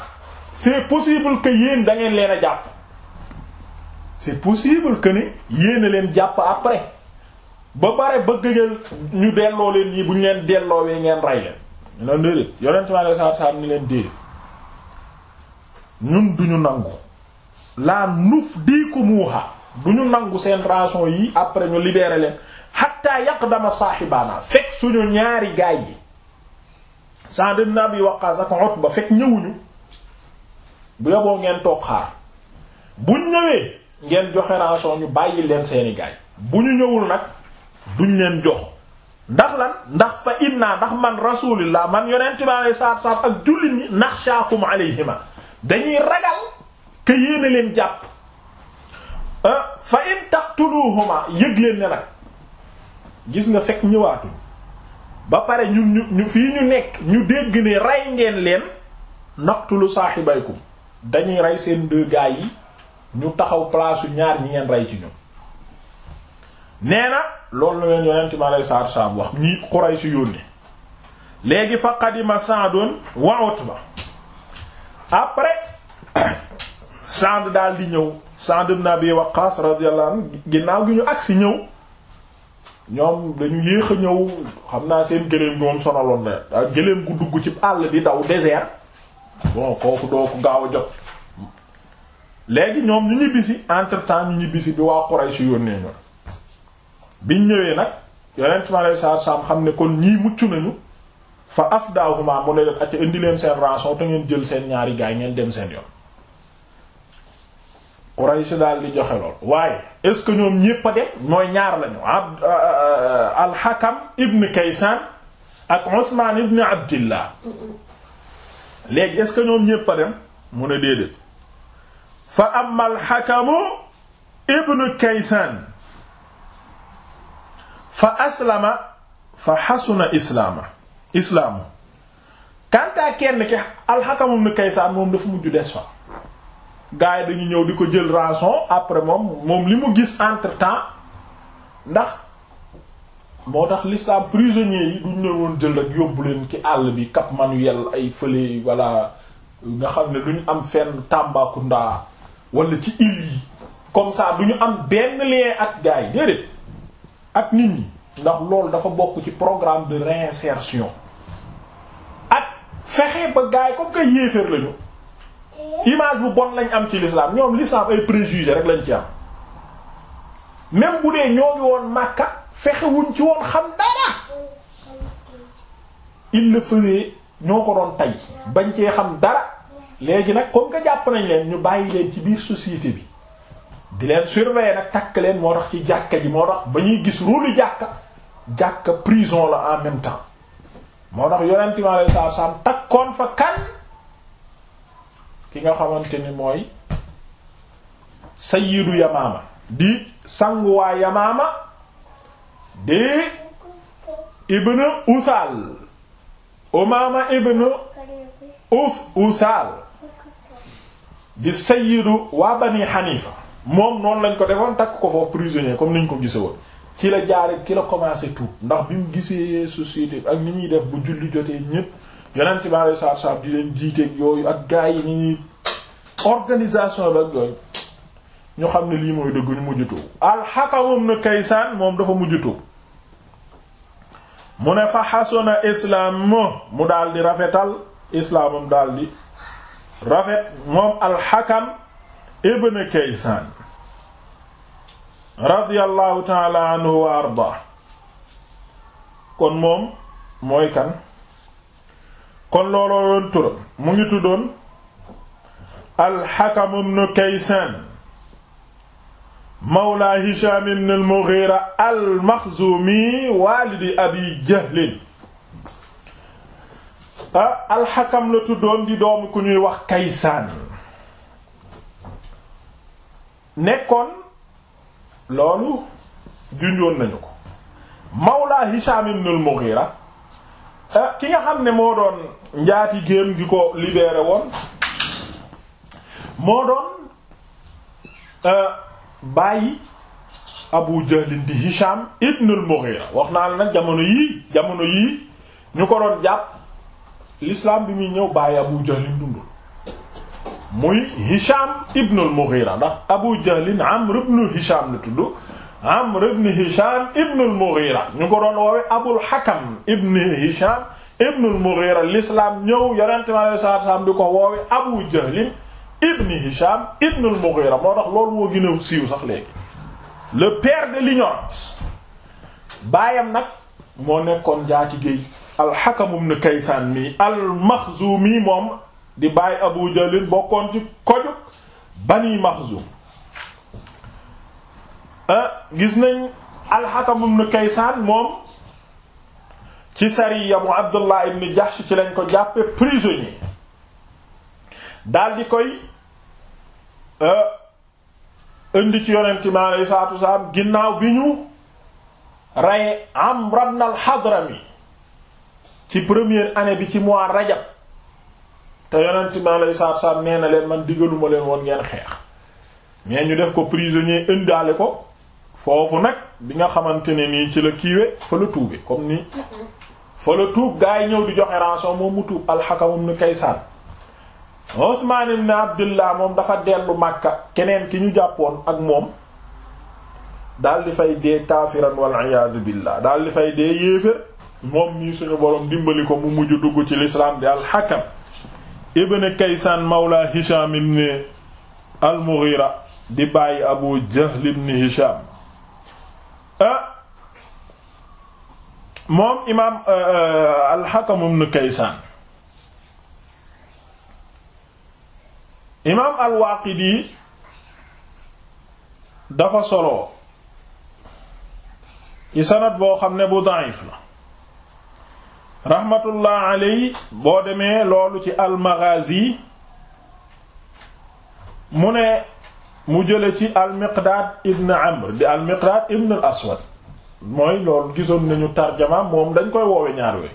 c'est possible que yéen da ngeen leen a jàpp c'est possible que ne yéen leen jàpp après ba bare bëgg ngeen ñu delloo leen ñii bu ngeen rey leen. ñu ne déedéet yonent mi alayhi salaatu leen déedéet ñun duñu nangu. la nuf diikumuuha du ñu nangu seen rançon yi après ñu libéré leen yàq dama saahibaana fekk suñu ñaari gaay yi Sa'd ibn Abi Waqqaas ak Utba fekk ñëwuñu bu yoboo ngeen toog xaar buñ ñëwee ngeen joxe rançon ñu bàyyi leen seeni gaay bu ñu ñëwul nag duñ leen jox ndax lan ndax fa inna ndax man rasulillah man yonent bi alayhi salaatu salaam ak jullit ñi naxshaakum alayhima dañuy ragal que yéene leen jàpp ah, fa in taqtuluhuma yëg leen ne nag gis nga fekk ñëwaatu ba pare ñu ñu fii ñu nekk ñu dégg ne rey ngeen leen saaxi saaxibaykum dañuy rey seen deux gaay yi ñu taxaw place su ñaar ñi ngeen rey ci ñun nee na loolu la leen yonent mi alayhi salaatu salaam wax ñi Quraysh yónni léegi fa qadima Sa'dun wa Utba après Saad daal di ñëw Saad ibn Abi Waqqas radiyallahu anhu ginnaaw gi ñu agsi ñëw ñoom dañu yéex a ñëw xam naa seen gëléem gi moom sonaloon na ak gëléem gu dugg ci àll di daw désert bon kooku doo ko gaaw a jot léegi ñoom ñu ñibbisi entre temps ñu ñibbisi bi waa Quraysh yónnee ñu biñ ñëwee nag yonent ma lay xam ne kon ñii mucc nañu fa afdaahuma mu ne leen acca indi leen seen rançon te ngeen jël seen ñaari gaay ngeen dem seen yoon Quraysh daal di joxe lool waaye est-ce que ñoom ñépp a dem mooy ñaar lañu abd euh, euh, al ibn Kaysan ak Usman ibn Abdillah léegi est-ce que ñoom ñépp a dem mu ne déedéet fa amma al-Hakam ibn Kaysan fa aslama fa xasuna islaama islaamu kantaa kenn ki al ibn Kaysan moom dafa mujj des fa gars yi dañu ñëw di ko jël rançon après moom moom li mu gis entre temps ndax moo tax l'islam prisonnier yi duñ ne woon jël rek yóbbu leen ci àll bi Cap Manuel ay fële wala nga xam ne duñ am fenn Tambacounda wala ci île yi comme ça duñu am benn lien ak gars yi déedéet ak nit ñi ndax loolu dafa bokk ci programme de réinsertion ak fexe ba gars yi comme que yéeféer lañu image bu bon lañ am ci l'islam ñoom l'islam ay préjugés rek lañ ci am même bu dee ñoo ngi woon Makka fexewuñ ci woon xam dara il le faisait ñoo ko doon tay bañ cee xam dara léegi nag comme nga jàpp nañ leen ñu bàyyi leen ci biir société bi di leen surveiller nag takk leen moo tax ci jàkka ji moo tax ba ñuy gis rôle jàkka jàkka prison la en même temps moo tax yonent mi alayhi takkoon fa kan. ki nga xamante ni mooy sayyidu yamaama di sangu waa di ibn uthal umaama ibn uf uthal di sayyidu waa bani xanifa moom noonu lañ ko defoon takk ko foofu prisonnier comme niñ ko woon ci la jaare ki la commencé tuub ndax bi mu gisee société ak ni ñuy def bu julli jotee ñépp yeneen ci maanaam saab di leen jiiteeg yooyu ak gars yi ñuy organisation ba yooyu ñu xam ne lii mooy dëgg ñu mujj tuub al Kaysaan moom dafa mujj tuub mu ne fa xasuna islaam mu daal rafetal islaamam daldi rafet moom al-Hakam ibn Kaysaan radiyallahu taala anhu wa arda kon moom mooy kan. kon looloo yoon turam mu ngi tuddoon alxakam ibn kaysaan mawla hisham ibn al-mughira al-makhzumi waalidi alxakam ah, la tuddoon di doomu ku ñuy wax kaysaan nekkoon loolu junjoon nañu ko mawla hisham ibn al Eh, ki nga xam ne moo doon njaati géem gi ko libéré woon moo doon eh, bàyyi Abu Jahlin di Hisham ibn mughira wax naa la nag jamono yii jamono yii ñu ko doon jàpp l'islam bi muy ñëw bàyyi Abu Jahlin dundul muy Hisham ibn al-Mughira ndax Abu Jahlin Amr ibn Hisham la tudd Amr ibn Hisham ibn al ñu ko doon woowe Abul Hakam ibn Hisham ibn al l'islam ñëw yonente mi alayhi salaatu salaam di ko woowe Abu Jahl ibn Hisham ibn al moo tax loolu moo gën a siiw sax léegi le père de l'ignorance baayam nag moo nekkoon njaatigéey al-Hakam ibn Kaysaan mi al moom di bàyyi Abu Jahl bokkoon ci koju Bani Makhzum Ah, gis nañ alxakam ibn kaysaan moom ci sariya mu abdullah ibn jahsh ci lañ ko jàppe prisonnier daal di koy ah, indi ci yonent mi alayhi salaatu wasalaam ginnaaw bi ñu rey amr ibn al hadrami ci premier année bi ci mois rajab te yonent mi alayhi salaatu wasalaam nee na leen man digaluma leen woon ngeen xeex mais ñu def ko prisonnier indaale ko foofu nag bi nga xamante ne nii ci la kiiwe fa la tuube comme nii fa la tuub gaa yi ñëw di joxe rançon moom mu tuub alxakam ibn Kaysaan Usmaan Abdullah moom dafa dellu Makka keneen ki ñu jàppoon ak moom dal di fay dee kaafiran wal iyaadu billah daal di fay dee yéefér moom nii suñu borom dimbali ko mu mujj dugg ci lislaam di alxakam ibn Kaysaan mawla Hisham ibn al di bàyyi Abu Jahl ibn Ah. moom imaam eh, eh, al-Hakam ibn Kaysaan imaam al dafa solo ci sanad boo xam ne bu da'if la rahmatullah aley boo demee loolu ci al-Maghaazi mu ne mu jële ci almiqdaad ibn amr di almiqdaad ibn aswad mooy loolu gisoon nañu tarjama moom dañ koy woowe ñaar we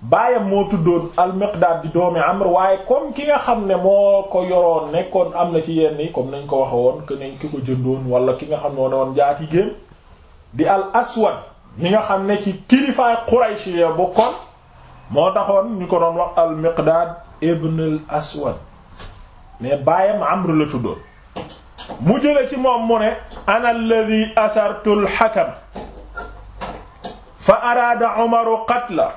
baayam moo tuddoon almiqdaad di doomi amr waaye comme ki nga xam ne moo ko yoroon nekkoon am na ci yenn yi comme nañ ko waxe woon que nañ ki ko jëndoon wala ki nga xam ne woon woon jaati génn di al aswad mi nga xam ne ci kilifaay quraysh ya bokkoon moo taxoon ñu ko doon wax almiqdaad ibn al aswad mais baayam amr la tuddoon mu jële ci moom mu ne ana alladhi asartu al fa araada Umaru qatla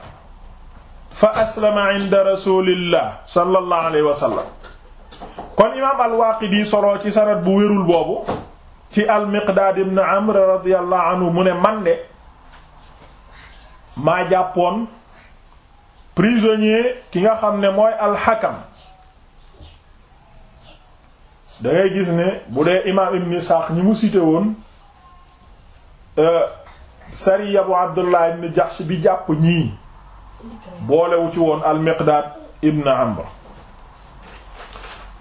fa aslama inda rasulillah sallallahu alayhi wa sallam kon imaam al-Waaqidi soloo ci sanad bu wérul boobu ci al-Miqdaad ibn Amr radiyallahu anhu mu ne man de maa jàppoon prisonnier ki nga xam ne mooy al dangay gis ne bu dee imaam ibn Isxaaq ñi mu cité woon euh, sariya bu Abdullah ibn Jahsh bi jàpp ñii boolewu ci woon al-Miqdaad ibn Amr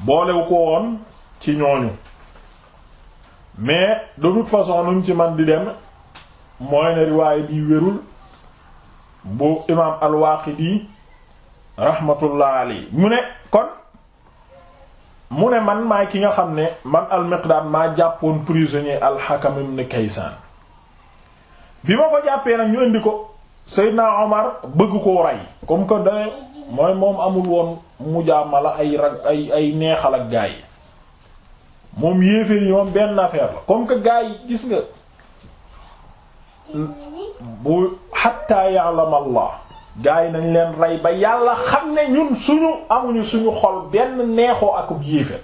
boolewu ko woon ci ñooñu mais de toute façon nuñ ci man di dem mooy ne riwaaye bi wérul bu imaam al-Waaqidi rahmatullah mu ne kon mu ne man maay ki nga xam ne man al-Miqdaad maa jàppoon prisonnier al-Hakam ibn Kaysaan bi ma ko jàppee nag ñu indi ko Seydina Omar bëgg koo rey comme que da mooy moom amul woon mu jaamala ay rag ay ay neexal ak gaa yi moom yéeféer yi benn affaire la comme que gaa yi gis nga bu hatta ya'lam Allah gaa yi nañ leen rey ba yàlla xam ne ñun suñu amuñu suñu xol benn neexoo akub yéeféer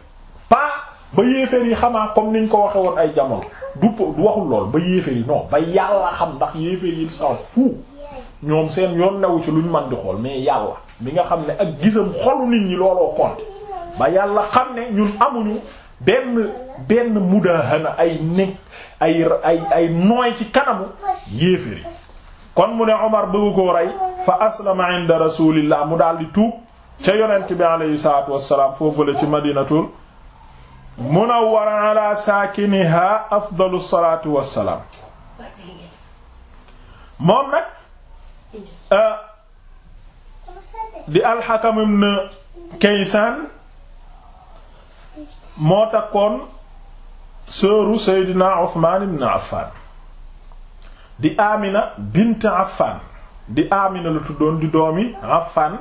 pas ba yéeféer yi xamaa comme niñ ko waxe woon ay jamono du du waxul lool ba yéeféer yi non ba yàlla xam ndax yéeféer yi sax ñoom seen yoon newu ci luñ mën di xool mais yàlla mi nga xam ne ak gisam xolu nit ñi looloo compte ba yàlla xam ne ñun amuñu benn benn mudaahana ay nekk ay ay ay nooy ci kanamu yéeféer yi kon mu ne Omar bëgg koo rey fa aslama inda rasulillah mu daal di tuub ca yonent bi aleyhi salaatu wassalaam foofu la ci madinatul munawwara ala saakiniha afdalu salaatu wassalaam moom nag euh, di alxakam ibn Kaysaan moo takkoon sëru Seydina Usmaan ibn Affaan di Amina bint Affan di Amina la tuddoon di doomi Affan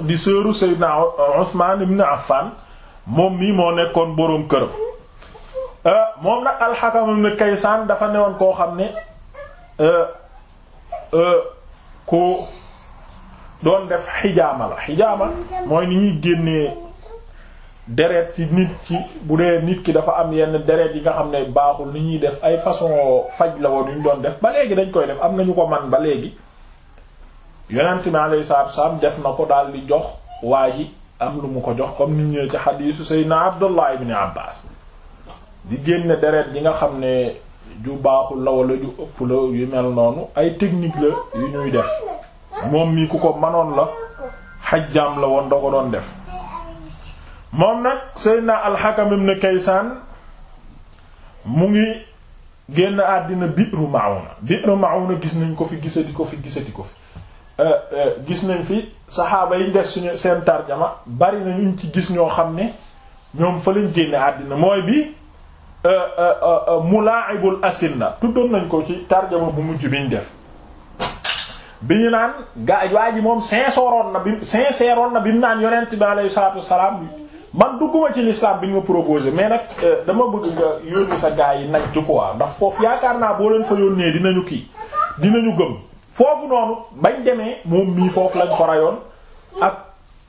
di sëru Seydina euh, Usmaan ibn Affan moom mii moo nekkoon boroom këram euh, moom nag Al-Hakam Kaysaan dafa newoon koo xam ne euh, ku doon def xijaama la xijaama mooy ni ñuy génnee deret ci nit ki bu dee nit ki dafa am yenn deret yi nga xam ne baaxul ni ñuy def ay façon faj la woon yu ñu doon def ba léegi dañ koy def am nañu ko man ba léegi yonent mi alayhi salaatu salaam def na ko daal di jox waa ji am lu mu ko jox comme ni ñëwee ci xadiisu Seydina Abdullah ibn Abbas di génne deret yi nga xam ne ju baaxul la wala ju ëpp la yu mel noonu ay technique la yu ñuy def moom mi ku ko manoon la xajjaam la woon da ko doon def moom nag Seydina Al-Hakam ibn Kaysaan mu ngi génn àddina Bi'ru Ma'una Bi'ru Ma'una gis nañ ko fi gisati ko fi gisati ko fi euh, euh, gis nañ fi saxaaba yi def suñu seen tarjama bari na ñu ci gis ñoo xam ne ñoom fa lañ génne àddina mooy bi euh, mulaa'ibul asinna tuddoon nañ ko ci tarjama bu mujj biñ def bi ñu naan gaa waa moom sincère woon na bi sincère woon na bi mu naan yonent bi alayhi salaatu wassalaam man dugguma ci l'islam bi ñu ma proposé mais nag euh, dama bëgg nga yónni sa gaa yi nag ci ndax foofu yaakaar naa boo leen fa yónnee dinañu kii dinañu gëm foofu noonu bañ demee moom mii foofu lañ ko rayoon ak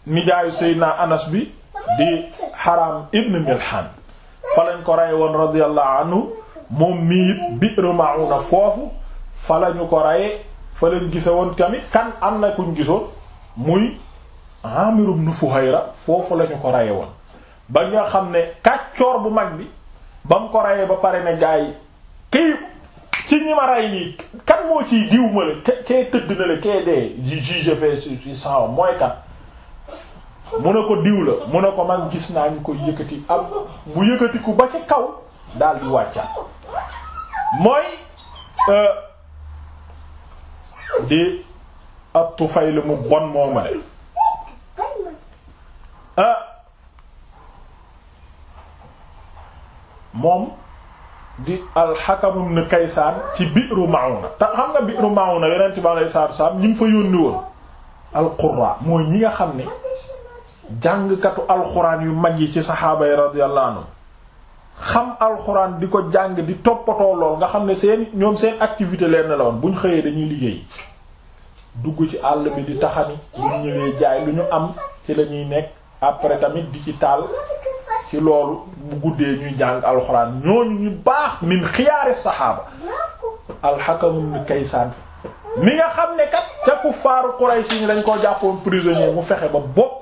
nijaayu Seydina Anas bi di Haram ibn lañ ko ray woon radiyallahu anhu moom mii it Bi'r Ma'una foofu fa lañu ko rayee fa lañ gise woon tamit kan am na kuñ gisoon muy Amir ibn Fuhayra foofu lañu ko reye woon ba nga xam ne kàccoor bu mag bi ba mu ko reyee ba pare ne gaa yi kii ci ñi ma rey nii kan moo ciy diw ma la ke kee tëdd na la kee dee juge fait ci saa mooy kat mu ne ko diw la mu ne ko man gis naa ñu koy yëkkati am mu yëkkati ku ba ci kaw daal di wàccaat mooy euh, di ab Tufayl mu bon moo ma ne moom di alxakamu ibn kaysaan ci biiru mauna te xam nga biiru mauna yonent bi alayhi salaatu wasalaam ñi mu fa yónni woon alqurra mooy ñi nga xam ni jàngkatu alxuraan yu mag yi ci saxaaba yi radiyallahu xam alxuraan di ko jàng di toppatoo lool nga xam ne seen ñoom seen activité leen la woon bu xëyee dañuy liggéey dugg ci àll bi di taxani bu ñu jaay lu ñu am ci lañuy ñuy nekk après tamit di ci taal ci loolu bu guddee ñuy jàng alxuraan ñooñu ñu baax min xiyaari saxaaba alxakamu ibn Kaysaan mi nga xam ne kat ca kuffaaru Quraysh ñi dañ koo jàppoon prisonnier mu fexe ba bopp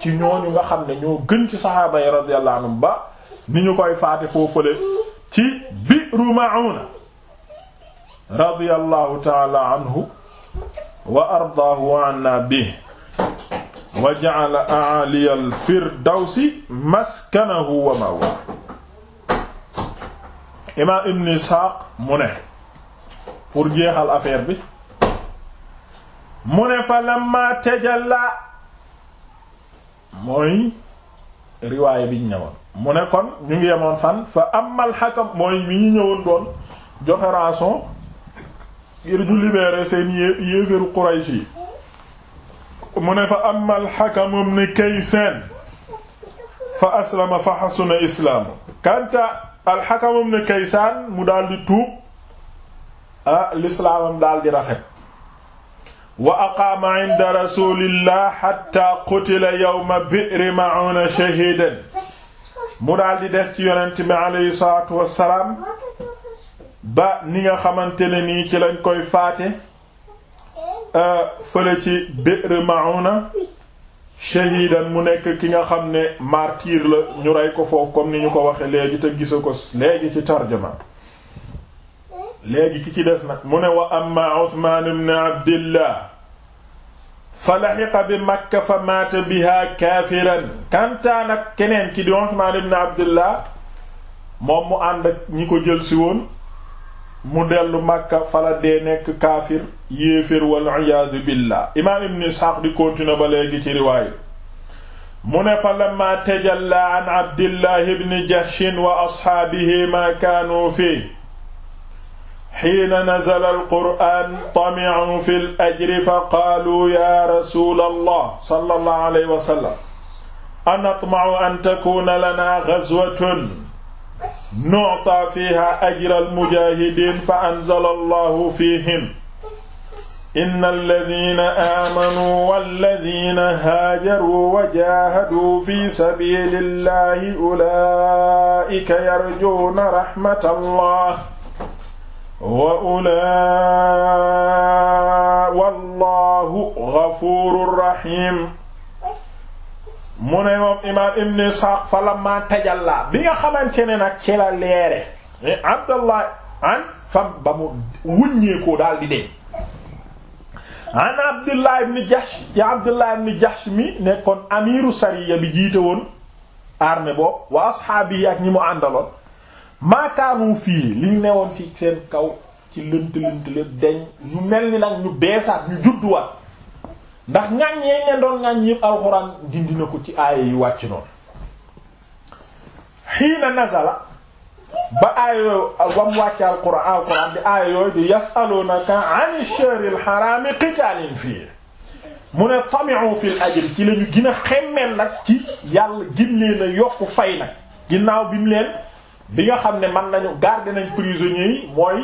ci ñooñu nga xam ne ñoo gën ci saxaaba yi radiyallahu anhum ba ni ñu koy faate foofale ci Bi'ru Ma'una radiyallahu ta'ala anhu wa ardaahu wa anna bihi wa ja'ala a'aliya al-firdawsi maskanahu wa ma'wa imaam ibn Isxaaq mu ne pour jeexal affaire bi mu ne fa lamma tajalla mooy riwaay bi ñu ñëwoon mu ne kon ñu ngi yemoon fan fa amal xakam mooy mi ñu doon joxe rançon ngir ñu seen yéeféeru Quraysh mu fa amma al-Hakam ibn fa aslama fa xasuna islaamu kanta al-Hakam ibn mu daldi di tuub ah lislaamam daal rafet wa aqaama inda rasulillah hatta qutila yawma Bi'r Ma'una shahiidan mu daldi di des ci yonent bi aleyhi salaatu wassalaam ba ni nga xamante ne nii ci lañ koy faate Euh, fële ci Bi'r Ma'una shahidan mu nekk ki nga xam ne martyr la ñu rey ko foofu comme ni ñu ko waxe léegi te gisa ko léegi ci tarjuma léegi ki ci des nag mu ne wa amma Usmaan ibn Abdillah fa laxiqa bi Makka fa maata biha kaafiran kantaan ak keneen ki di Usmaan ibn Abdillah moom mu ànd ak ñi ko jël si mu dellu Makka fala dee nekk kaafir yéefér wal iyaazu billah imaam ibn Isxaaq di continuer ba léegi ci riwaaya mu ne fa lamma tajalla an Abdillahi ibn Jahshin wa asxaabihi maa kaanu fii xiina nazala alqur'aan tami'u fi l ajri fa qaaluu ya rasul allah sallallahu alayhi wa sallam anatma'u an takuna lana ghazwatun nu'ta fiha ajra almujahidin fa anzala allahu fihim inna alladina aamanu walladina haajaruu wa jaahaduu fi sabili illahi ulaika yarjuuna raxmata allah wa ula wallahu gafuurun raxiim mu ne moom imaam ibn Isxaaq fa lamma tajalla bi nga xamante ne nag ci la leere eh, Abdallah an fam ba mu wuññeekoo daal di dee an Abdullah ibn ya Abdullah ibn Jahsh mi nekkoon amiru sariya bi jiite woon armée boobu wa asxaabi yi ak ñi mu àndaloon maakaanu fii liñ newoon ci seen kaw ci lënt lënt lënt deñ ñu mel ni nag ñu beesaat ñu judduwaat ndax ŋàññ yañ leen doon ŋàññ yëpp alxuraan dindi na ko ci aaya yi wàcc noonu xiina nazala ba aaya yooyu wam wàcc alxuraan alxuraan di aaya yooyu di yasalunaka ani sharil xaraami qitaalin fii mu ne tami'u fil ajri ci lañu gën xemmeel nag ci yàlla gin leen yokk fay nag ginnaaw bi mu leen bi nga xam ne man nañu garder nañ prisonniers yi mooy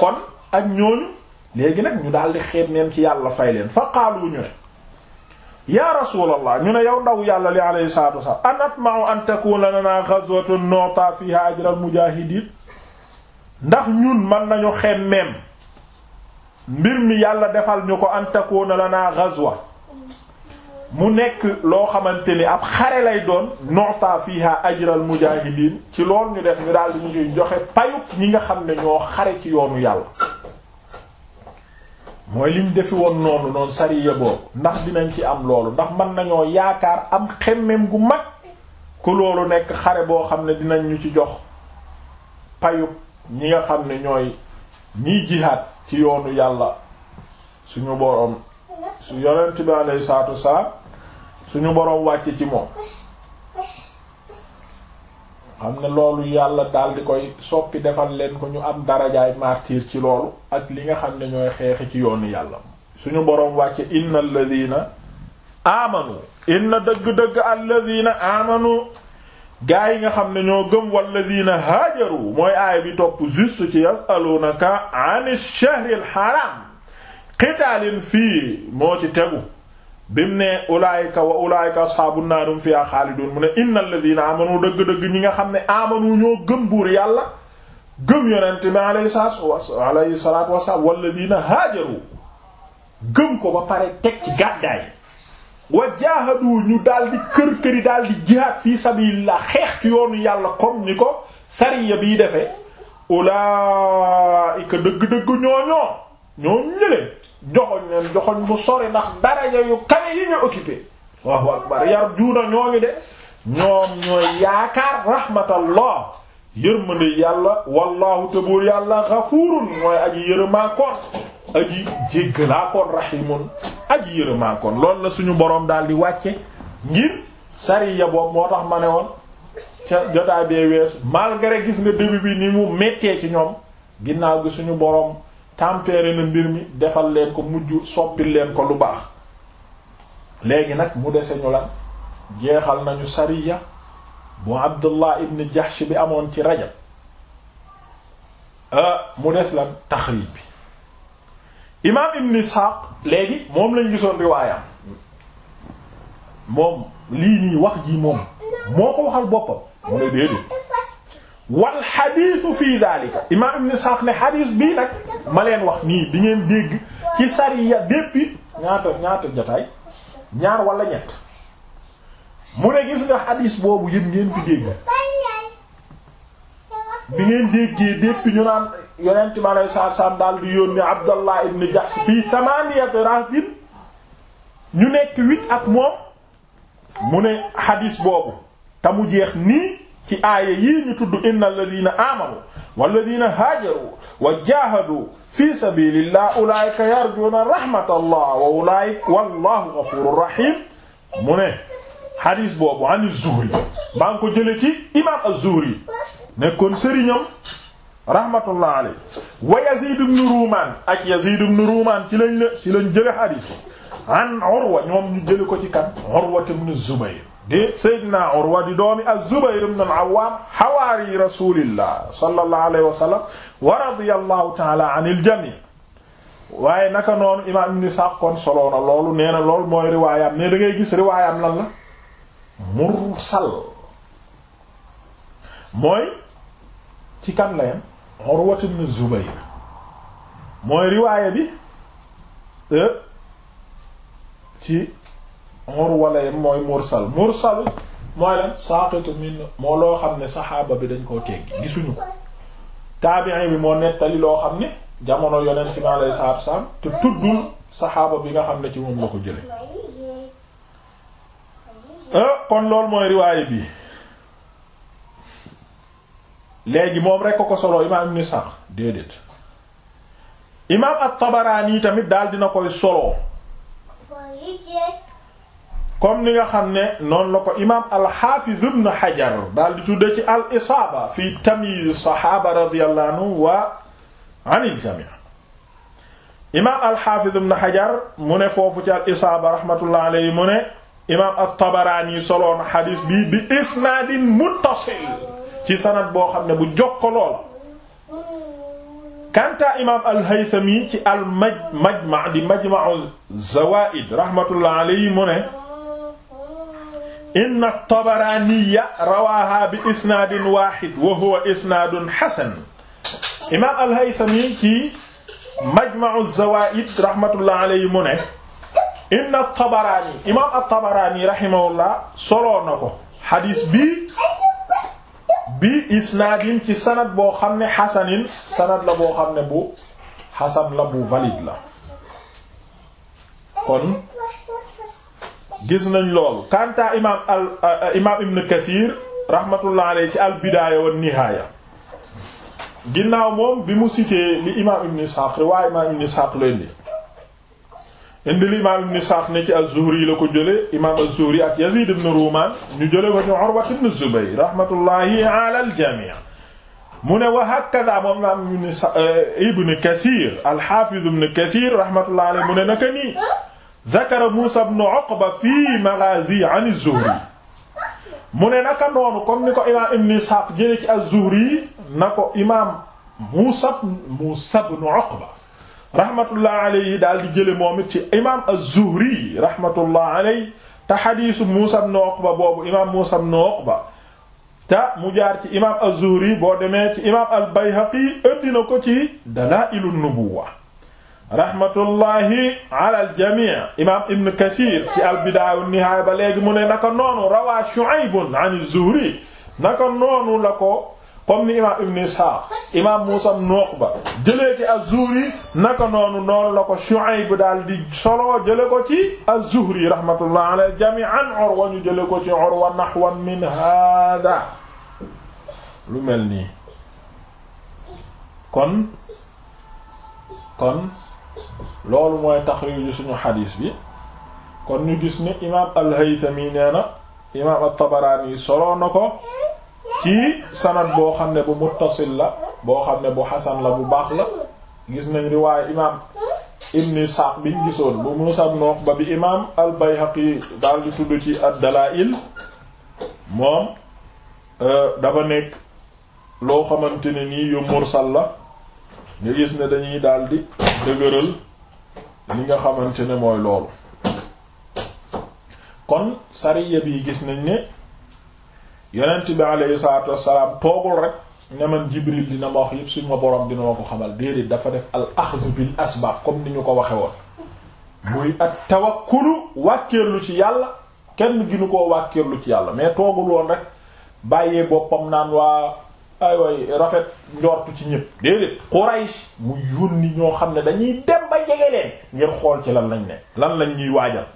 kon ak ñooñu léegi nag ñu daal di ci yàlla fay leen fa qaalu ñu ne yaa rasulallah ñu ne yow ndaw yàlla li alayhi salaatu wasalaam an atma'u an takuna lana ghazwatun nu'ta fiha ajral mujahidin ndax ñun man nañu xemmeem mbir mi yàlla defal ñu ko an la naa ghazwa mu nekk loo xamante ni ab xare lay doon nu'ta fiha ajral mujahidin ci lool ñu def ñu daal di ñu joxe payuk ñi nga xam ne ñoo xare ci yoonu yàlla mooy liñ defi woon noonu noonu sariya boobu ndax dinañ ci am loolu ndax mën nañoo yaakaar am xemmem gu mag ku loolu nekk xare boo xam ne dinañ ñu ci jox payub ñi nga xam ne ñooy ñiy jihaad ci yoonu yàlla suñu boroom su yonent bi alayhi salaatu wasalaam suñu boroom wàcc ci moom xam ne loolu yàlla daal di koy soppi defal leen ko ñu am darajaay martyr ci loolu ak li nga xam ne ñooy xeexi ci yoonu yàlla suñu boroom wàcce inna alladina amanu inna dëgg-dëgg alladina amanu gaa yi nga xam ne ñoo gëm walladina haajaru mooy aay bi topp juste ci yasalunaka an ash haram qitaalin fii moo ci tegu bi mu ne ulaayika wa ulaayika asxaabu naarum fiyaa xaalidun mu ne innal ladina amanu dëgg-dëgg ñi nga xam ne amanu ñoo gëm buur yàlla gëm yonente bi alayhi salaatu wasalaam walladina haajaru gëm ko wa jaahadu ñu daal di kër-këri daal di jihaad xeex ci yoonu yàlla comme ni ko sariya biy defe ulaayika dëgg-dëgg ñooñoo ñoo ñële joxoñ leen bu sori ndax daraja yu kawe yi ñu occupé waaw akbar yar juuna ñooñu de ñoom ñooy yaakaar rahmatallah yërmande yàlla wallahu tëboor yàlla gafuurun mooy aji yërëmaakoon aji jéggalaakoon rahimun aji yërëmaakoon loolu la suñu boroom daal di wàcce ngir sariya boobu moo tax ma ne woon ca jotaay bee weesu malgré gis nga début bi ni mu méttee ci ñoom ginnaaw gi suñu boroom tempéré na mbir mi defal leen ko mujj soppil leen ko lu baax léegi nag mu dese ñu lan jeexal nañu sariya bu abdullah ibn jahsh bi amoon ci rajab ah, mu des la taxrib bi imaam ibn isxaaq léegi moom lañ gisoon riwaayam moom lii nii wax jii moom moo ko waxal boppam mu ne déedéet wal xadiisu fii daalika imaam Ibn Isxaaq ne xadiis bii nag ma leen wax nii di ngeen dégg ci sariya béppi ñaata ñaata jotaay ñaar wala ñett mu ne gis nga xadiis boobu yëpp ngeen fi dégg bi ngeen déggee déppi ñu naan yonent bi alayhi salaatu salaam daal di yónni Abdallah ibn Jahsh fii thamaniyati rahdin ñu nekk huit ak moom mu ne xadiis boobu te mu jeex nii. ci aaya yii ñu tudd inna alladina amanu walladina haajaru wa jahadu fi sabilillah ulaika yarjuna rahmatallah wa ulaika wallahu ghafurur rahim mu ne hadis boobu an az-Zuhri maa ngi ko jële ci imam az-Zuhri nekkoon sëriñam rahmatullah alayhi wa Yazid ibn Ruman ak Yazid ibn Ruman ci lañ la ci lañ jële hadis an Urwa ñoom ñu jële ko ci kan Urwa ibn Zubayr di Seydina Urwa di doomi az-Zubayr ibn al-Awwam xawaari rasulillah sallallahu alayhi wa wa radiyallahu ta'ala anil jami' waaye naka noonu imaam ibn Sa'd kon solo na loolu nee na loolu mooy riwaayam ne da ngay gis riwaayam lan la mursal mooy ci kan la yam Urwa ibn Zubayr mooy riwaaya bi euh, ci Urwa la yem mooy mursal mursal mooy lan saaqitu min moo loo xam ne saxaaba bi dañ koo teggi gisuñu ko taabi'i bi moo nettali loo xam ne jamono yonent mi alayhi salaatu wassalaam te tuddul saxaaba bi nga xam ne ci moom la ko jële eh, kon loolu mooy riwaaye bi léegi moom rekk ko ko solo imaam Ibn Sa'd déedéet imaam at-Tabaraani tamit daal dina koy solo comme ni nga xam ne noonu la ko imaam al-Hafiz Hajar daal di ci al fi tamyiz saxaaba radiyallahu anhu wa anil jami' imaam al-Hafiz ibn Hajar mu ne foofu ci al-Isaaba rahmatullahi mu ne imaam at-Tabarani soloon bi bi isnaadin muttasil ci sanad boo xam ne bu jokkaloo la kanta imaam al-Haythami ci al-Majma' di Majma'u Zawaa'id rahmatullahi mu ne inna at-Tabaraniya rawaaha bi isnaadin waahid wa huwa isnaadun hasan imaam al-Haythami ci Majma'u az-Zawaa'id rahmatullah alayhi mu ne inna at-Tabarani imaam at-Tabarani rahimahullah soloo na ko xadiis bii bi isnaadin ci sanad boo xam ne xasanin sanad la boo xam ne bu xasan la bu valide la kon gis nañ loolu kanta imaam al euh, imaam ibn kathir rahmatullah alayhi ci al bidaaya wa nihaaya ginnaaw moom bi mu cité li imaam ibn Ishaq riwaaye imaam ibn Ishaq la indi li imaam ibn Ishaq ne ci az-Zuhri la ko jële imaam az-Zuhri ak Yazid ibn Ruman ñu jële ko ci ibn Zubayr rahmatullahi ala al-jami' mu ne wa hakadha moom imaam ibn Kathir al-Hafiz ibn Kathir rahmatullahi alayhi mu ne zakara Muusaa ibn Uqba fii Maghaazi an az-Zuhri mu ne naka noonu comme ni ko imaam Ibn Isxaaq jëlee ci az-Zuhri na ko imaam Muusaa Muusaa ibn Uqba rahmatullah alayhi daal di jëlee moom it ci imaam az-Zuhri rahmatullah alayhi te xadiisu Muusaa ibn Uqba boobu imaam Muusaa ibn Uqba te mu jaar ci imaam az-Zuhri boo demee ci imaam al-Bayhaqi indi na ko ci Dalaa'ilun Nubuwwa rahmatullahi ala aljamii imam ibn Kasiir ci albidaaya wa nihaaya ba léegi mu ne naka noonu rawaa Shu'aybun an Zuhri naka noonu la ko comme ni imam ibn Isxaaq imam Muusaa ibn Uqba jëlee ci az-Zuhri naka noonu noonu la ko Shu'ayb daal di solo jële ko ci az-Zuhri rahmatullahi ala aljamii an Urwa ñu jële ko ci Urwa nahwan min haada lu mel nii kon kon loolu mooy taxriiju suñu xadiis bi kon ñu gis ni imaam al-Haythami nee na imaam at yi soloo na ko ci sanad boo xam ne bu muttasil la boo xam ne bu xasan la bu baax la gis nañ riwaaye imaam ibn Isaaq biñ gisoon bu Muusaa ibn Uqba bi imaam al-Bayhaqi daal di tudd ci ad-Dalaa'il moom euh, dafa nekk loo xamante ne nii yu mursal la nga gis ne dañuy daldi dëgëral li nga xamante ne mooy loolu kon sariya bi gis nañ ne yonent bi aleyhi salaatu wassalaam toogul rek ne man Jibril dina ma wax yépp suñ ma borom dina ma ko xamal déedéet dafa def al axdu bil asbaab comme ni ñu ko waxe woon muy tawakkulu wàkkeerlu ci yàlla kenn ginu koo wàkkeerlu ci yàlla mais toogul woon rek bàyyee boppam naan waa ay way rafet njortu ci ñëpp déedéet Quraysh mu yónni ñoo xam ne dañuy dem ba jege leen ngir xool ci lan lañ ne lan lañ ñuy waajal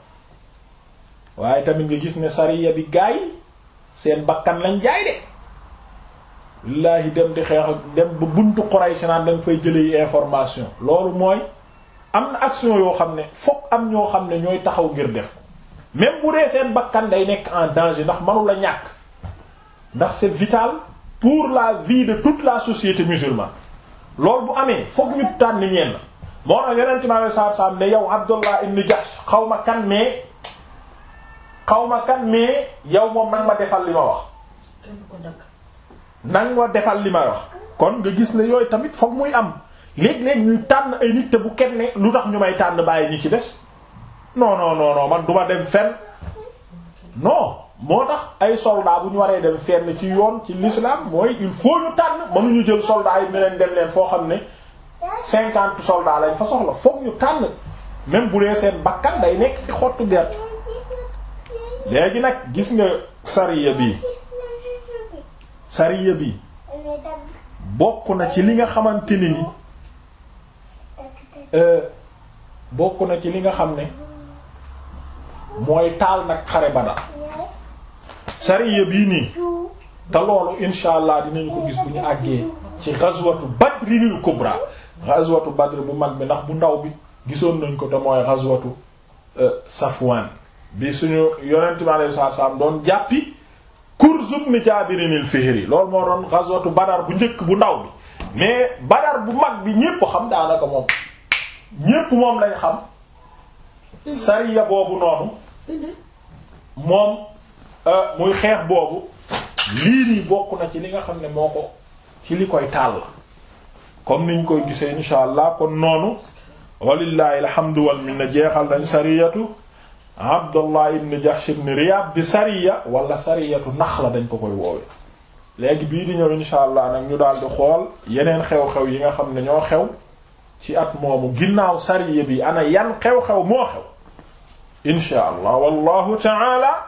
waaye tamit nga gis ne sariya bi gaay seen bakkan lañ jaay de wallaahi dem di xeex dem ba buntu Quraysh naan dañ fay jëlee information loolu mooy am na action yoo xam ne fokk am ñoo xam ne ñooy taxaw ngir def ko même bu dee seen bakkan day nekk en danger ndax mënu la ñàkk ndax c'est vital pour la vie de toute la société musulmane loolu bu amee fokk ñu tànn ñenn moo tax yeneen ci maanaam saa saa xaw ma kan xaw ma kan yow moom nag ma defal li ma wax. nang ma defal li ma wax. kon nga gis ne yooyu tamit fokk muy am léeg-léeg ñuy tànn ay nit te bu kenn lu tax ñu may tànn bàyyi ñi ci des no non non non man du dem fenn non. moo tax ay soldat bu ñu waree dem fenn ci yoon ci l'islam mooy il faut ñu tànn mënuñu jël soldat yi ne leen dem leen foo xam ne cinquante soldats lañ fa soxla fokk ñu tànn même bu dee seen bakkat day nekk ci xottu gerte léegi nag gis nga sariya bi sariya bi bokk na ci li nga xamante ni ni euh, bokk na ci li nga xam ne mooy taal nag xare bana sariya bii nii te loolu insha allah dinañu ko gis bu ñu àggee ci ghazwatu badrinil kubra ghazwatu badr bu mag bi ndax bu ndaw bi gisoon nañ ko te mooy ghazwatu euh, safwan bi suñu yonent bi alayhi salaam doon jàppi Kurz ibn Jaabirinil Fihri loolu moo doon ghazwatu badar bu njëkk bu ndaw bi mais badar bu mag bi ñépp xam daanaka moom ñépp moom lañ xam sariya boobu noonu moom Euh, muy xeex boobu lii nii bokk na ci li nga xam ne moo ko ci li koy taal comme niñ koy gisee insha allah kon noonu walillahi alhamdu wal na jeexal nañ sariyatu abdullah ibn jahsh ibn riyab bi sariya wala sariyatu naxla dañ ko koy woowe léegi bii di ñëw insha allah nag ñu daal di xool yeneen xew-xew yi nga xam ne ñoo xew ci at moomu ginnaaw sariya bi ana yan xew-xew moo xew insha allah wallahu taala